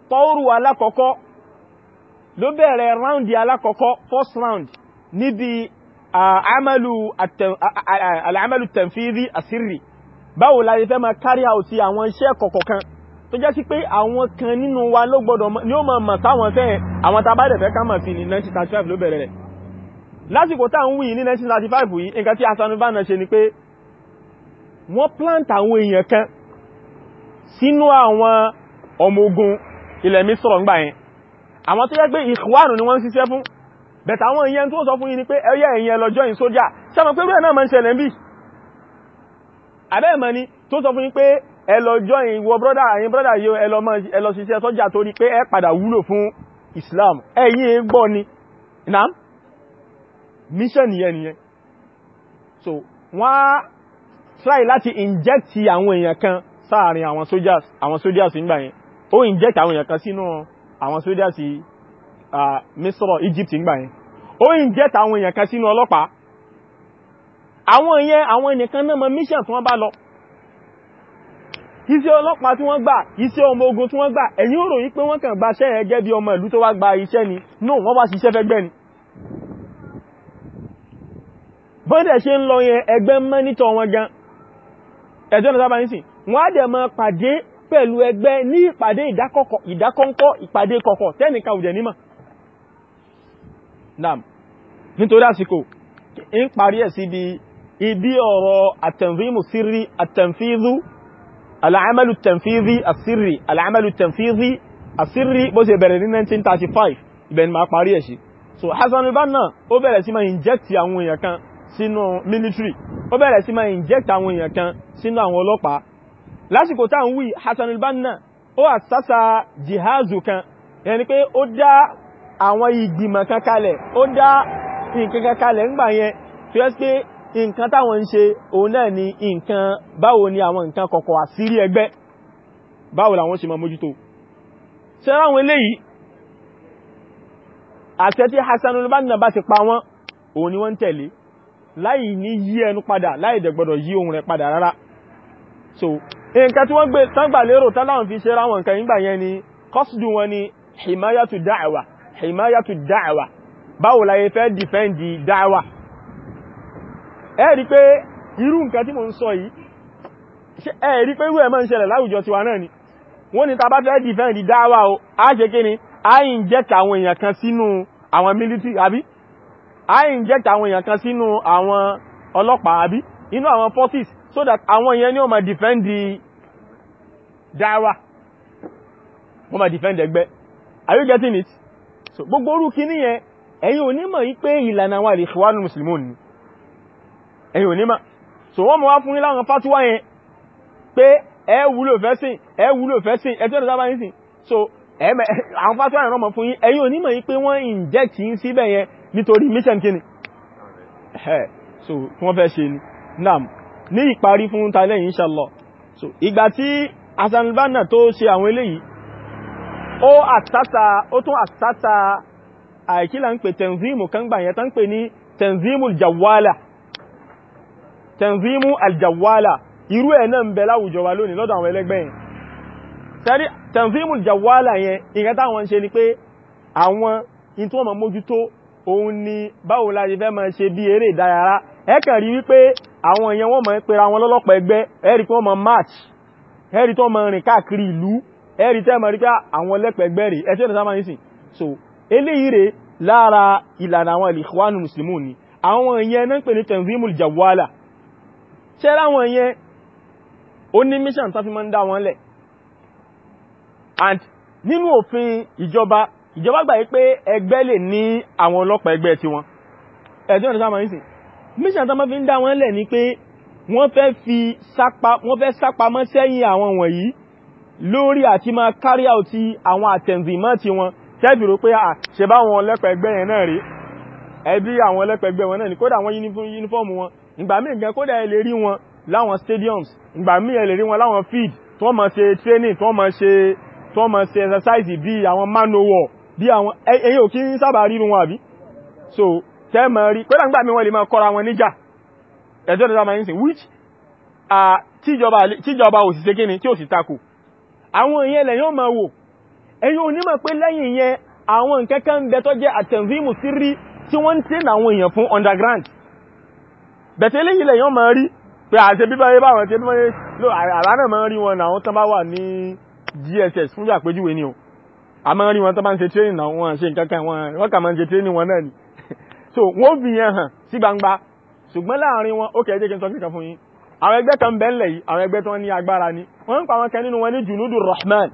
tọ́rù alákọ̀ọ́kọ́ ló bẹ̀rẹ̀ round alákọ̀ọ́kọ́ first round níbi àmàlù tẹ̀fíìrí àsírí báwo la ṣe fẹ́ máa carry out àwọn iṣẹ́ kọ̀kọ̀kan tó jẹ́ sí pé àwọn kan nínú wa ló gbọ́dọ̀ ni ó mọ̀ mọ̀ táwọn fẹ́ àwọn tàbádẹ̀ fẹ́ ká mọ̀ sí ní 1935 ló bẹ̀rẹ̀ rẹ̀ lásìkò tá ń wí ní 1935 yìí nǹkan tí asanubána ṣe ni pé wọ́n plant àwọn èèyàn kan sínú àwọn ọmọ ogun ilẹ̀ mi sọ̀rọ̀ ń gbà yẹn àwọn tó bẹ̀tà àwọn ìyẹn tó sọ fún yín ni pé ẹyẹ ìyẹn lọ́jọ́ yìí sójà sẹ́mọ̀ pé rẹ̀ náà máa ń ṣẹlẹ̀ ń bí àbẹ́ẹ̀mọ́ ni tó sọ fún yín pé ẹlọ́jọ́ yìí wọ brọ́dà àyín brọ́dà yìí ẹlọ ṣiṣẹ́ sójà torí pé ẹ padà wúlò fún Islam ẹ̀yìn gbọ́ ni nam mission nìyẹn nìyẹn so wọ́n try láti inject àwọn èèyàn kan sáàrin àwọn soldiers àwọn soldiers nígbà yẹn ó inject àwọn èèyàn kan sínú àwọn soldiers misro egypt ngbà yẹn ó ń jẹ́ tàwọn èèyàn kan sínú ọlọ́pàá àwọn yẹn àwọn ẹnìkan náà mọ mission tí wọ́n bá lọ iṣẹ́ ọlọ́pàá tí wọ́n gbà iṣẹ́ ọmọ ogun tí wọ́n gbà ẹ̀yin ò ròyìn pé wọ́n kàn gba iṣẹ́ ẹgẹ́ bí ọmọ ìlú tó wá gba iṣẹ́ ni no wọ́n wá ṣiṣẹ́ fẹ́gbẹ́ ni bọ́ndẹ̀ ṣe ń lọ yẹn ẹgbẹ́ mẹ́nítọ̀ wọn gan ẹjọ́ ní sábà nísìn wọ́n á dẹ̀ mọ pàdé pẹ̀lú ẹgbẹ́ ní ìpàdé ìdákọ́kọ́ ìpàdé kọ̀kọ̀ tẹ́nìkan òjẹ̀ nímọ̀ naam nítorí àsìkò ń parí ẹ̀ sí ibi ọ̀rọ̀ àtẹ̀fíìmù sírí àtẹ̀fíìzú alàmàlù tẹ̀fíìzí àsírí alàmàlù tẹ̀fíìzí àsírí bó ṣe bẹ̀rẹ̀ ní 1935 ibẹ̀ ni ma parí ẹ̀ sí so Hassan al-Banna ó bẹ̀rẹ̀ sí ma inject àwọn èèyàn kan sínú military ó bẹ̀rẹ̀ sí ma inject àwọn èèyàn kan sínú àwọn ọlọ́pàá lásìkò táwọn àwọn ìgbìmọ̀ kankalẹ̀ ó dá nǹkan kankalẹ̀ ńgbà yẹn tó yẹ́ pé nǹkan táwọn ń ṣe òun náà ni nǹkan báwo ni àwọn nǹkan kọ̀kọ̀ àsírí ẹgbẹ́ báwo làwọn ṣe máa mójútó ṣe ráwọn eléyìí àṣẹ tí so nǹkan tí wọ́n gbé tán gbà lérò tán láwọn fi ṣe ráwọn nǹkan ìgbà yẹn ni kọ́sùdù wọn ni himayatu da'wa himayatu da'wa báwo la fẹ́ dìfẹ́ndì da'wa ẹ rí pé irú nǹkan tí mo ń sọ yìí ẹ rí pé irú ẹ̀ máa ń ṣẹlẹ̀ láwùjọ tiwa náà ni wọ́n ní ta bá fẹ́ dìfẹ́ndì da'wa o a ṣe kí ni a inject àwọn èèyàn kan sínú àwọn military àbí a inject àwọn èèyàn kan sínú àwọn ọlọ́pàá àbí inú àwọn forces so that àwọn èèyàn ni ó máa da'wa wọ́n máa defend ẹgbẹ́ are you getting it so gbogbo orú kíní yẹn ẹ̀yin onímọ̀ yí pé ìlànà àwọn al-Ikhwanul Muslimun ni ẹ̀yin onímọ̀ so wọ́n mọ̀ wá fún ìlànà fatuwa yẹn pé ẹ wúlò fẹ́sìn ẹ wúlò fẹ́sìn ẹjọ́ ìdá bá ń sìn so àwọn fatuwa yẹn rọmọ fún yín ẹ̀yin onímọ̀ yí pé wọ́n inject ó àsásà ó tún àsásà àìkílà ń pè tanzimu kan gbà yẹn tán pè ní tanzimu aljawala tanzimu aljawala irú ẹ̀ náà ń bẹ láwùjọ wa lónìí lọ́dọ̀ àwọn ẹlẹ́gbẹ́ yẹn tẹ́rí tanzimu aljawala yẹn ìyẹn táwọn ń ṣe ni pé àwọn in tí wọ́n máa mójútó òun ni báwo la ṣe fẹ́ máa ṣe bí eré ìdárayá ẹ kàn rí ẹ̀rí tẹ́ mọ̀ rí pé àwọn lẹ́pẹ̀gbẹ́rì ẹ̀ tí ó dáadáa máa ń sìn so eléyìí rẹ̀ lára ìlànà àwọn ìlìkwánu muslimun ni àwọn ìyẹn náà ń pè ní tanzimul jawala ṣe láwọn ìyẹn ó ní mission tó fi máa ń dá wọn lẹ̀ and nínú òfin ìjọba ìjọba gbà yí pé ẹgbẹ́ lè ní àwọn ọlọ́pàá ẹgbẹ́ tiwọn ẹ̀ tí ó dáadáa máa ń sìn mission tó máa fi ń dá wọn lẹ̀ ni pé wọ́n fẹ́ fi sápamọ́ sẹ́yìn àwọn wọ̀nyí lórí àti máa carry out àwọn àtẹ̀nzìmọ́ ti wọn tẹ́bì rò pé à ṣe bá wọn lẹ́pẹ̀ẹ́gbẹ́ yẹn náà rí ẹbí àwọn lẹ́pẹ̀ẹ́gbẹ́ wọn náà ni kódà wọn yúnífọ́ọ̀mù wọn ìgbà míì gan kódà ẹ lè rí wọn láwọn stadiums ìgbà míì ẹ lè rí wọn láwọn field tó máa ṣe training tó máa ṣe tó máa ṣe exercise bí àwọn manowar bí àwọn ẹyẹ ò kí ń sábà rírun wọn àbí so tẹ́ mọ̀ rí kódà nígbà míì wọn lè máa kọ́ra wọn níjà ẹjọ́ ìjọba yìí sìn which tíjọba òsìsẹ́ kíni tí ò sì takò àwọn èèyàn lẹ̀ yóò máa wò ẹ̀yin onímọ̀ pé lẹ́yìn yẹn àwọn nkẹ́kẹ́ ń bẹ tó jẹ́ àtẹ̀mvímù sí rí tí wọ́n tí àwọn èèyàn fún underground bẹ̀tẹ̀ lẹ́yìn lẹ̀ yóò máa rí pé àti bíbá yẹ báwọn tí wọ́n lò àlánà máa rí wọn bá DSS fún àpéjúwe ni a máa rí wọn tán bá ń ṣe training náà wọn ṣe nǹkan kan wọ́n kà máa ni so wọ́n fi yẹn hàn sí gbangba ṣùgbọ́n láàrin wọn ó kẹ́ẹ́ jẹ́ kí n àwọn ẹgbẹ́ kan bẹ́ẹ̀lẹ̀ yìí àwọn ẹgbẹ́ tó ní agbára ni wọ́n ń pa wọn kan nínú wọn ní junudu rahman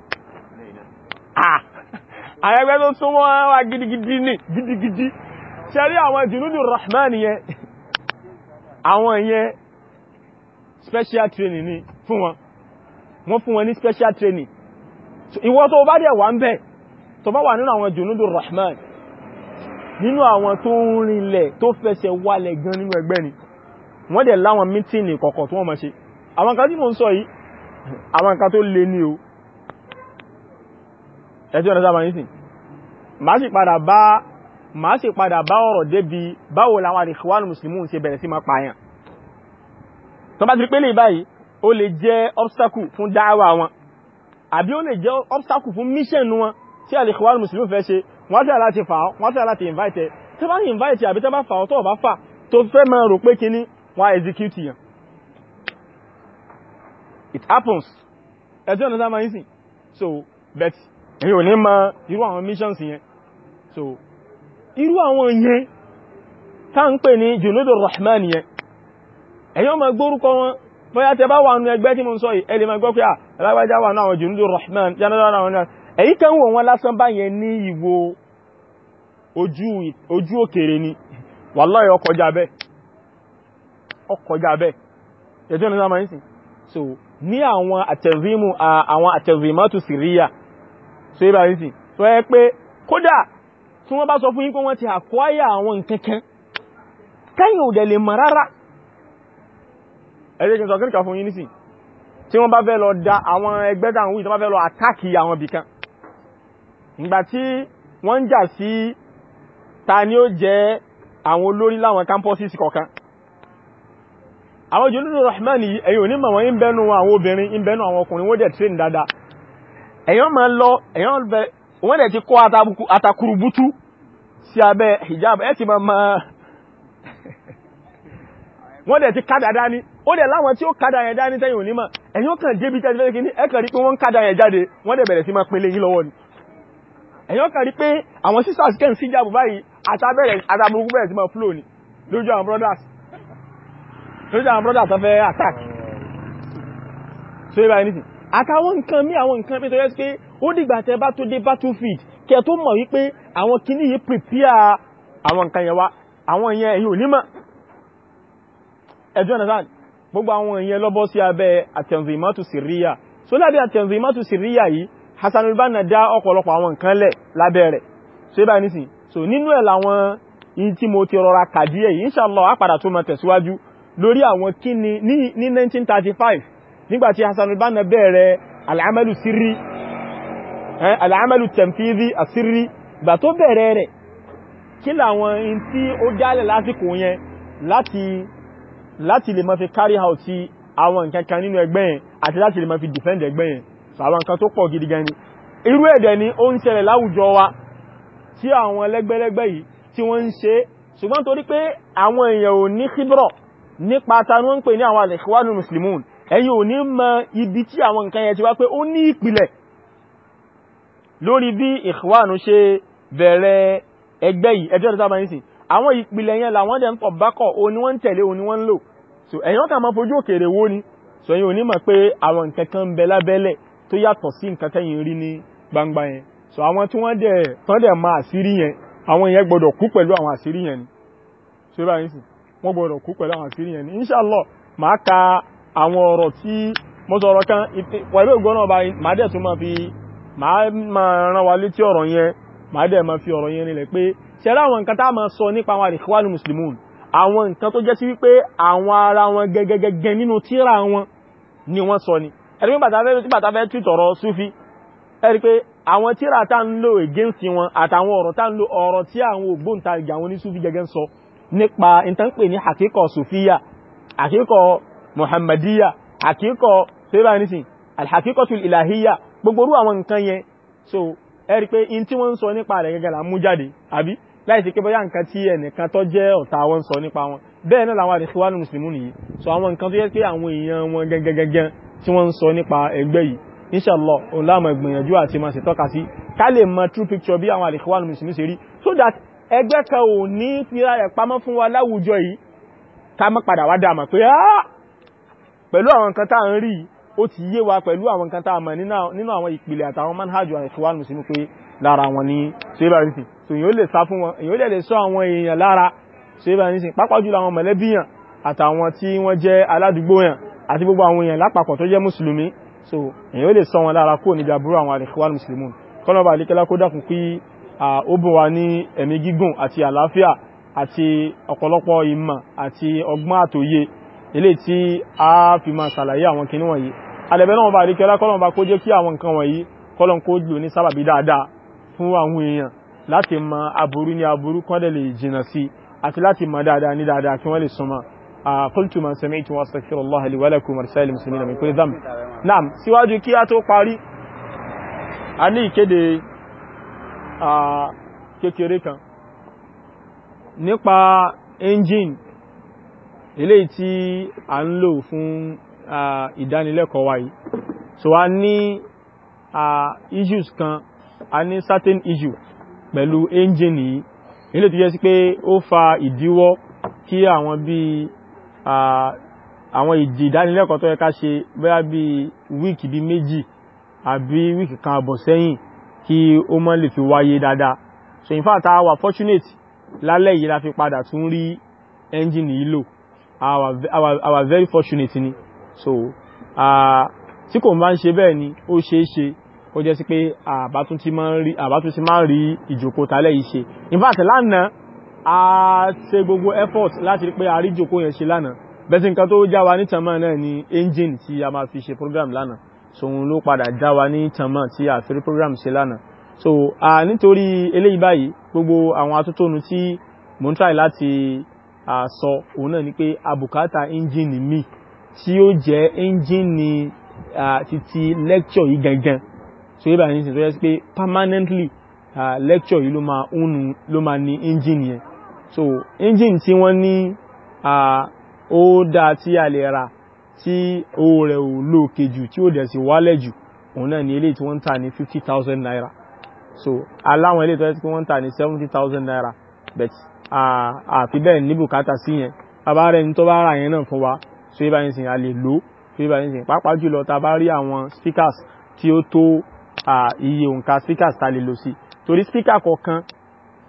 àwọn ẹgbẹ́ tó súnmọ́ wa gidigidi ní gidigidi ṣẹ́rí àwọn junudu rahman yẹn àwọn yẹn special training ni fún wọn wọ́n fún wọn ní special training ìwọ tó bá dẹ̀ wà ń bẹ̀ tó bá wà nínú àwọn junudu rahman nínú àwọn tó ń rinlẹ̀ tó fẹsẹ̀ wálẹ̀ gan nínú ẹgbẹ́ ni wọ́n dẹ̀ láwọn mítíìnì kọ̀kọ̀ tí wọ́n máa ṣe àwọn kan tí mo ń sọ yìí àwọn kan tó lè ní o ẹjọ́ ọ̀nà sábà nísìn máa sì padà bá máa sì padà bá ọ̀rọ̀ débi báwo làwọn àdìsíwánù mùsùlùmí ṣe bẹ̀rẹ̀ sí máa pààyàn tó bá ti rí pé lè báyìí ó lè jẹ́ obstacle fún dáwà wọn àbí ó lè jẹ́ obstacle fún mission wọn tí àdìsíwánù mùsùlùmí fẹ́ ṣe wọ́n tẹ́ láti fà wọ́n tẹ́ láti invite ẹ tó bá invite àbí tó bá fà ọ́ tó bá fà tó fẹ́ máa rò pé kíní wọ́n execute yẹn it happens ẹjọ́ ọ̀nà sáà máa ń so bet èyí ò ní ma irú àwọn missions yẹn so irú àwọn yẹn tá ń pè ní junudu rahman yẹn ẹ̀yọ́ ma gbórúkọ wọn bóyá tẹ bá wà nù ẹgbẹ́ tí mo ń sọ yìí ẹ lè ma gbọ́ pé alágbájá wà náà junudu rahman jánàdá wọn náà èyí kan wò wọn lásán bá yẹn ní ìwò ojú òkèrè ni wallahi ó kọjá bẹ́ẹ̀ ọkọjá bẹ́ẹ̀ ẹjọ́ ìrìnà máa ń so ní àwọn àtẹ̀vímù àwọn àtẹ̀vímọ́tù síríyà so ibà ń sìn so ẹ pé kódà tí wọ́n bá sọ fún yín pé wọ́n ti àkọ́yà àwọn nkankan kẹ́yìn ò dẹ̀ lè mọ̀ rárá ẹjẹ́ kí n sọ kíríkà fún yín nísìn tí wọ́n bá fẹ́ lọ da àwọn ẹgbẹ́ dáhùn wí tí wọ́n bá fẹ́ lọ olórí láwọn campuses kọ̀ọ̀kan àwọn jùlọ rahman yìí ẹ̀yin onímọ̀ wọn ń bẹnu àwọn obìnrin ń bẹnu àwọn ọkùnrin wọ́n dẹ̀ train dáadáa ẹ̀yàn máa lọ ẹ̀yàn bẹ wọ́n dẹ̀ ti kọ́ atakurubutu sí abẹ́ hijab ẹ̀ ti máa máa wọ́n dẹ̀ ti kádà dání ó dẹ̀ láwọn tí ó kádà yẹn dání tẹ́yìn onímọ̀ ẹ̀yàn kan débi tẹ́lifẹ́ kí ní ẹ̀kàn rí pé wọ́n kádà yẹn jáde wọ́n dẹ̀ bẹ̀rẹ̀ sí máa pinle yín lọ́wọ́ lójú àwọn brothers torí àwọn brọ́dà tó fẹ́ attack so ibà anything àtàwọn nǹkan mí àwọn nǹkan mí tó yẹ sí pé ó dìgbà tẹ bá tó dé battlefield kẹ tó mọ̀ wípé àwọn kìíní yìí prepare àwọn nǹkan yẹn wá àwọn ìyẹn èyí ò ní mọ̀ ẹjọ́ nàzán gbogbo àwọn ìyẹn lọ́bọ́ sí abẹ́ àtẹ̀nzìmọ́tù síríyà so la lábẹ́ àtẹ̀nzìmọ́tù síríyà yìí Hassanul Banna dá ọ̀pọ̀lọpọ̀ àwọn nǹkan lẹ̀ lábẹ́ rẹ̀ so ibà anything so nínú ẹ̀ làwọn yìí tí mo ti rọra kà inshallah á padà tó mọ tẹ̀síwájú lórí àwọn kíni ní 1935 nígbàtí Hassan al-Banna bẹ̀rẹ̀ al'amalu sirri eh, al'amalu tanfidhi asirri gbà tó bẹ̀rẹ̀ rẹ̀ kí làwọn in tí ó jálẹ̀ lásìkò yẹn láti láti lè máa fi carry out sí àwọn nǹkan kan nínú ẹgbẹ́ yẹn àti láti lè máa fi defend ẹgbẹ́ yẹn so àwọn nǹkan tó pọ̀ gidi gan ni irú ẹ̀dẹ̀ ni ó ń ṣẹlẹ̀ láwùjọ wa tí àwọn lẹ́gbẹ́lẹ́gbẹ́ yìí tí wọ́n ń ṣe ṣùgbọ́n torí pé àwọn èèyàn ò ní kíbrọ̀ nípa ta ni wọ́n ń pè ní àwọn al-Ikhwanul Muslimun ẹ̀yin ò ní mọ ibi tí àwọn nǹkan yẹn ti wá pé ó ní ìpìlẹ̀ lórí bí Ikhwanu ṣe bẹ̀rẹ̀ ẹgbẹ́ yìí ẹjọ́ ìdájọ́ máa ń sìn àwọn ìpìlẹ̀ yẹn làwọn dẹ̀ so ẹ̀yin ni so ẹ̀yin ò ní mọ̀ pé àwọn nǹkan kan ń so àwọn tí wọ́n dẹ̀ tán dẹ̀ máa àṣírí yẹn àwọn yẹn gbọ́dọ̀ kú pẹ̀lú àwọn àṣírí yẹn ni so báyìí sìn wọ́n gbọ́dọ̀ kú pẹ̀lú àwọn àṣírí yẹn ni inshallah máa ka àwọn ọ̀rọ̀ tí mo sọ̀rọ̀ kan pẹ̀lú ìgbọ́nà ọba máa dẹ̀ tún máa fi máa rán wa létí ọ̀rọ̀ yẹn máa dẹ̀ máa fi ọ̀rọ̀ yẹn rinlẹ̀ pé ṣẹlẹ̀ àwọn nǹkan tá a máa sọ nípa àwọn àríkíwánu mùsùlùmùn àwọn nǹkan tó jẹ́ sí wípé àwọn ara wọn gẹ́gẹ́gẹ́ nínú tíra wọn ni wọ́n sọ ni ẹ̀rí bàtà fẹ́ tìtọ̀rọ̀ súfì ẹ̀rí pé àwọn tíra tá ń lò against wọn àtàwọn ọ̀rọ̀ tá ń lò ọ̀rọ̀ tí àwọn ògbóǹtarìgì àwọn onísúfì gẹ́gẹ́ sọ nípa ìtànpè ní àkíkọ̀ sofia àkíkọ̀ muhammadiya àkíkọ̀ sèbánisìn alhakíkọ̀tul ìlàhíyà gbogbo orú àwọn nǹkan yẹn so ẹ̀rí pé in tí wọ́n ń sọ nípa rẹ̀ gẹ́gẹ́ la mú jáde àbí láìsí pé bóyá nǹkan tí ẹnìkan tó jẹ́ ọ̀tá wọn sọ nípa wọn bẹ́ẹ̀ náà làwọn àdìsíwá ní mùsùlùmí nìyí so àwọn nǹkan tó yẹ pé àwọn èèyàn wọn gẹ́gẹ́gẹ́gẹ́ tí wọ́n ń sọ nípa ẹgbẹ́ yìí inshallah òun láàmọ̀ ìgbìyànjú àti máa ṣètọ́ka sí ká lè mọ true picture bí àwọn àdìsíwá ní mùsùlùmí ṣe rí so that ẹgbẹ́ kan ò ní fira rẹ̀ pamọ́ fún wa láwùjọ yìí ká mọ́ padà wá dáàmà pé áá ah! pẹ̀lú àwọn nǹkan táà ń rí ó ti yé wa pẹ̀lú àwọn nǹkan táà mọ̀ nínú àwọn ìpìlẹ̀ àtàwọn manhajù àìfúwà mùsùlùmí pé lára wọn ní ṣébà nísìn so èyàn lè sá fún wọn èyàn lè sọ àwọn èèyàn lára ṣébà nísìn pàápàá jùlọ àwọn mọ̀lẹ́bí yàn àtàwọn tí wọ́n jẹ́ aládùúgbò so èyàn lè sọ wọn lára kúrò níbi àbúrò àwọn àìfúwà mùsùlùmí kọ́nà bá àlékẹ́lá kó dákun pé ó bọ̀ wá ní ẹ̀mí gígùn àti àlàáfíà àti ọ̀pọ̀lọpọ̀ ìmọ̀ àti ọgbọ́n àtòye ilé tí a fi máa ṣàlàyé àwọn kìnnì wọ̀nyí alẹ́bẹ̀ náà bá àríkẹ́lá kọ́lọ̀n bá kó jẹ́ kí àwọn nǹkan wọ̀nyí kọ́lọ̀n kó jù ní sábàbí dáadáa fún àwọn èèyàn láti mọ aburú ní aburú kọ́dẹ̀ lè jìnà sí àti láti mọ dáadáa ní dáadáa kí wọ́n lè súnmọ́ قلت ما سمعت واستغفر الله لي ولكم ورسائل المسلمين من كل ذنب نعم síwájú kí a tó parí a ní ìkéde kékeré kan nípa engine eléyìí tí a ń lò fún ìdánilẹ́kọ̀ọ́ wa so a ní issues kan a ní certain issue pẹ̀lú engine yìí eléyìí tó jẹ́ sí pé ó fa ìdíwọ́ kí àwọn bí àwọn ìdí ìdánilẹ́kọ̀ọ́ tó yẹ ká ṣe bóyá bí wíìkì bí méjì àbí wíìkì kan àbọ̀ sẹ́yìn kí ó mọ́ lè fi wáyé dáadáa so in fact a fortunate lálẹ́ yìí la fi padà tún rí ẹ́ńjìnì yìí lò a very fortunate ni so tí kò bá ń ṣe bẹ́ẹ̀ ni ó ṣeé ṣe ó jẹ́ sí pé àbátún ti máa ń rí ìjòkó tálẹ̀ yìí ṣe in fact lánàá a ṣe gbogbo effort láti rí pé a rí ìjòkó yẹn ṣe lánàá bẹ́ẹ̀ sì tó já wa nítàn mọ́ náà ni engine tí a máa fi ṣe program lánàá so òun ló padà já wa ní tànmọ́ tí a program ṣe lánàá so a nítorí eléyìí báyìí gbogbo àwọn atótónu tí mo ń try láti sọ òun náà ni pé abùkátà ẹ́ńjìnì mi tí ó jẹ́ ẹ́ńjìnì títí lecture yìí gangan so yíba ní ìsìn tó yẹ pé permanently uh, lecture yìí ló máa ń ló máa ní ẹ́ńjìnì yẹn so ẹ́ńjìnì tí wọ́n ní ó dáa tí a lè rà tí owó rẹ̀ ò lóòkè jù tí ó dẹ̀ sì wálẹ̀ jù òun náà ni eléyìí tí wọ́n ń tà ní fifty thousand naira so aláwọn eléyìí tó yẹ kí wọ́n ń tà ní seventy thousand naira but àfi bẹ́ẹ̀ ní bùkátà sí yẹn bàbá rẹ̀ ní tó bá ra yẹn náà fún wa so yíba yín sìn a lè lò so yíba yín sìn pàápàá jùlọ ta bá rí àwọn speakers tí ó tó iye òǹkà speakers ta lè lò sí torí speaker kọ̀ọ̀kan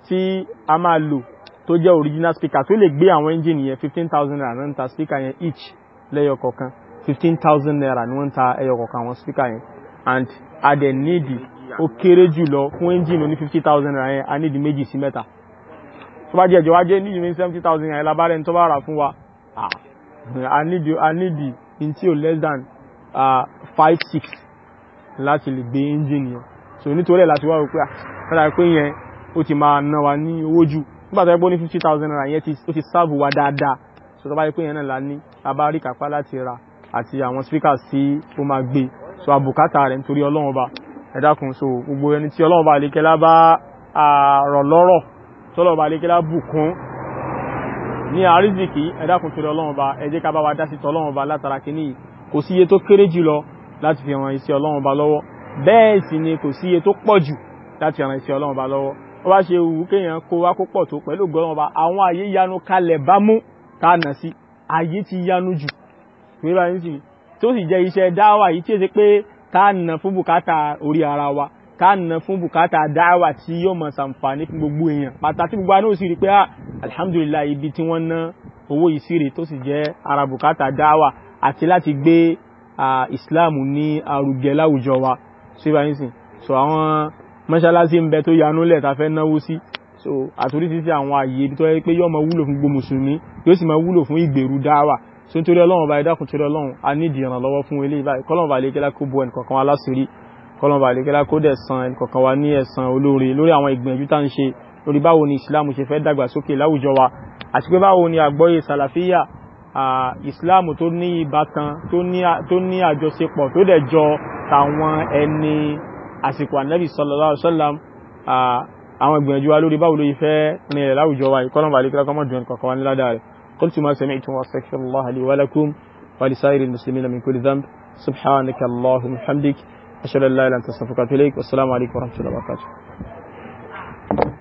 tí a máa lò tó jẹ́ original speaker tó lè gbé àwọn engine yẹn fifteen thousand naira náà ń ta speaker yẹn each lẹ́yọ kọ̀ọ̀kan fifteen thousand naira ni wọ́n ń ta ẹyọ kọ̀ọ̀kan àwọn speaker yẹn and a dẹ̀ níìdì ó kéré jù lọ fún engine oní fifty thousand naira yẹn a níìdì méjì sí mẹ́ta tó bá jẹ́ ẹ̀jọ̀ wá jẹ́ níìdì ní seventy thousand yẹn labarẹ́ ní tó bá rà fún wa a níìdì a níìdì ntí o less than five six láti lè gbé engine yẹn so nítorí ẹ̀ láti wá òpin àtàrà pé yẹn ó ti máa ná wa ní owó jù nígbà tó yẹ pé ó ní fifty thousand naira yẹn ó ti sáàbù wa dáadáa so tó bá yẹ pé yẹn náà la ní abá rí kápá láti ra àti àwọn spíkà sí ó máa gbé so àbùkátà rẹ̀ nítorí ọlọ́run ọba ẹ so gbogbo ẹni tí ọlọ́run ọba àlékẹ́lá bá rọ̀ lọ́rọ̀ tọ́lọ́run ọba àlékẹ́lá bùkún ní àrízìkí ẹ dákun torí ọlọ́run ọba ẹ jẹ́ ká bá wa dá sí tọ́lọ́run ọba látara kínní kò sí iye tó kéré jù lọ láti fi ràn iṣẹ́ ọlọ́run ọba lọ́wọ́ bẹ́ẹ̀ sì ni kò sí iye tó pọ̀ jù láti ràn iṣẹ́ ọlọ́run ọba lọ́wọ́ ó bá ṣe wù kéèyàn kó wá kó pọ̀ tó pẹ̀lú gbọ́dọ̀ ọba àwọn àyè yanu kalẹ̀ bámú tánà sí ayé ti yánu jù nígbà nísìnyí tí ó sì jẹ́ iṣẹ́ dáwà yìí tí èsì pé tánà fún bùkátà orí ara wa tánà fún bùkátà dáwà tí yóò mọ̀ sàǹfààní fún gbogbo èèyàn pàtàkì gbogbo àná òsì rí pé ah, alhamdulillah ibi tí wọ́n ná owó ìsírè tó sì jẹ́ ara bùkátà dáwà àti láti gbé Islam ní arugẹ láwùjọ wa síbáyínsìn so àwọn mọ́ṣáláṣí ń bẹ tó yanú lẹ̀ tá fẹ́ náwó sí so àtúrí ti ti àwọn àyè ibi tó yẹ pé yóò máa wúlò fún gbogbo mùsùlùmí yóò sì máa wúlò fún ìgbèrú dáwà so nítorí ọlọ́run ọba ẹ̀dá kùn torí ọlọ́run a ní ìdí ìrànlọ́wọ́ fún ilé ìbáyìí kọ́lọ́n ọba àlékẹ́lá kó bu ẹnìkọ̀kan wa láṣìírí kọ́lọ́n ọba àlékẹ́lá kó dẹ̀ san ẹnìkọ̀kan wa ní ẹ̀san olóore lórí àwọn ìgbìyànjú tá ń ṣe lórí báwo ni ìsìláàmù ṣe fẹ́ dàgbàsókè láwùjọ wa àti pé báwo ni àgbọ́yé sàlàfíyà ìsìláàmù tó ní ìbátan tó ní àjọṣepọ̀ tó dẹ̀ jọ tàwọn ẹni àsìkò ànábì sallallahu àwọn ìgbìyànjú wa lórí báwo ló yí fẹ́ ní ilẹ̀ láwùjọ wa ìkọ́lọ́mù àlekíra kọ́mọ̀ dùn kọ̀ọ̀kan wa ní ládàá rẹ̀ qultu ma sami'tum wa astaghfirullaha li wa lakum wa li sa'iril muslimina min kulli dhanb subhanaka allahumma wa bihamdik ashhadu an la alaikum wa rahmatullahi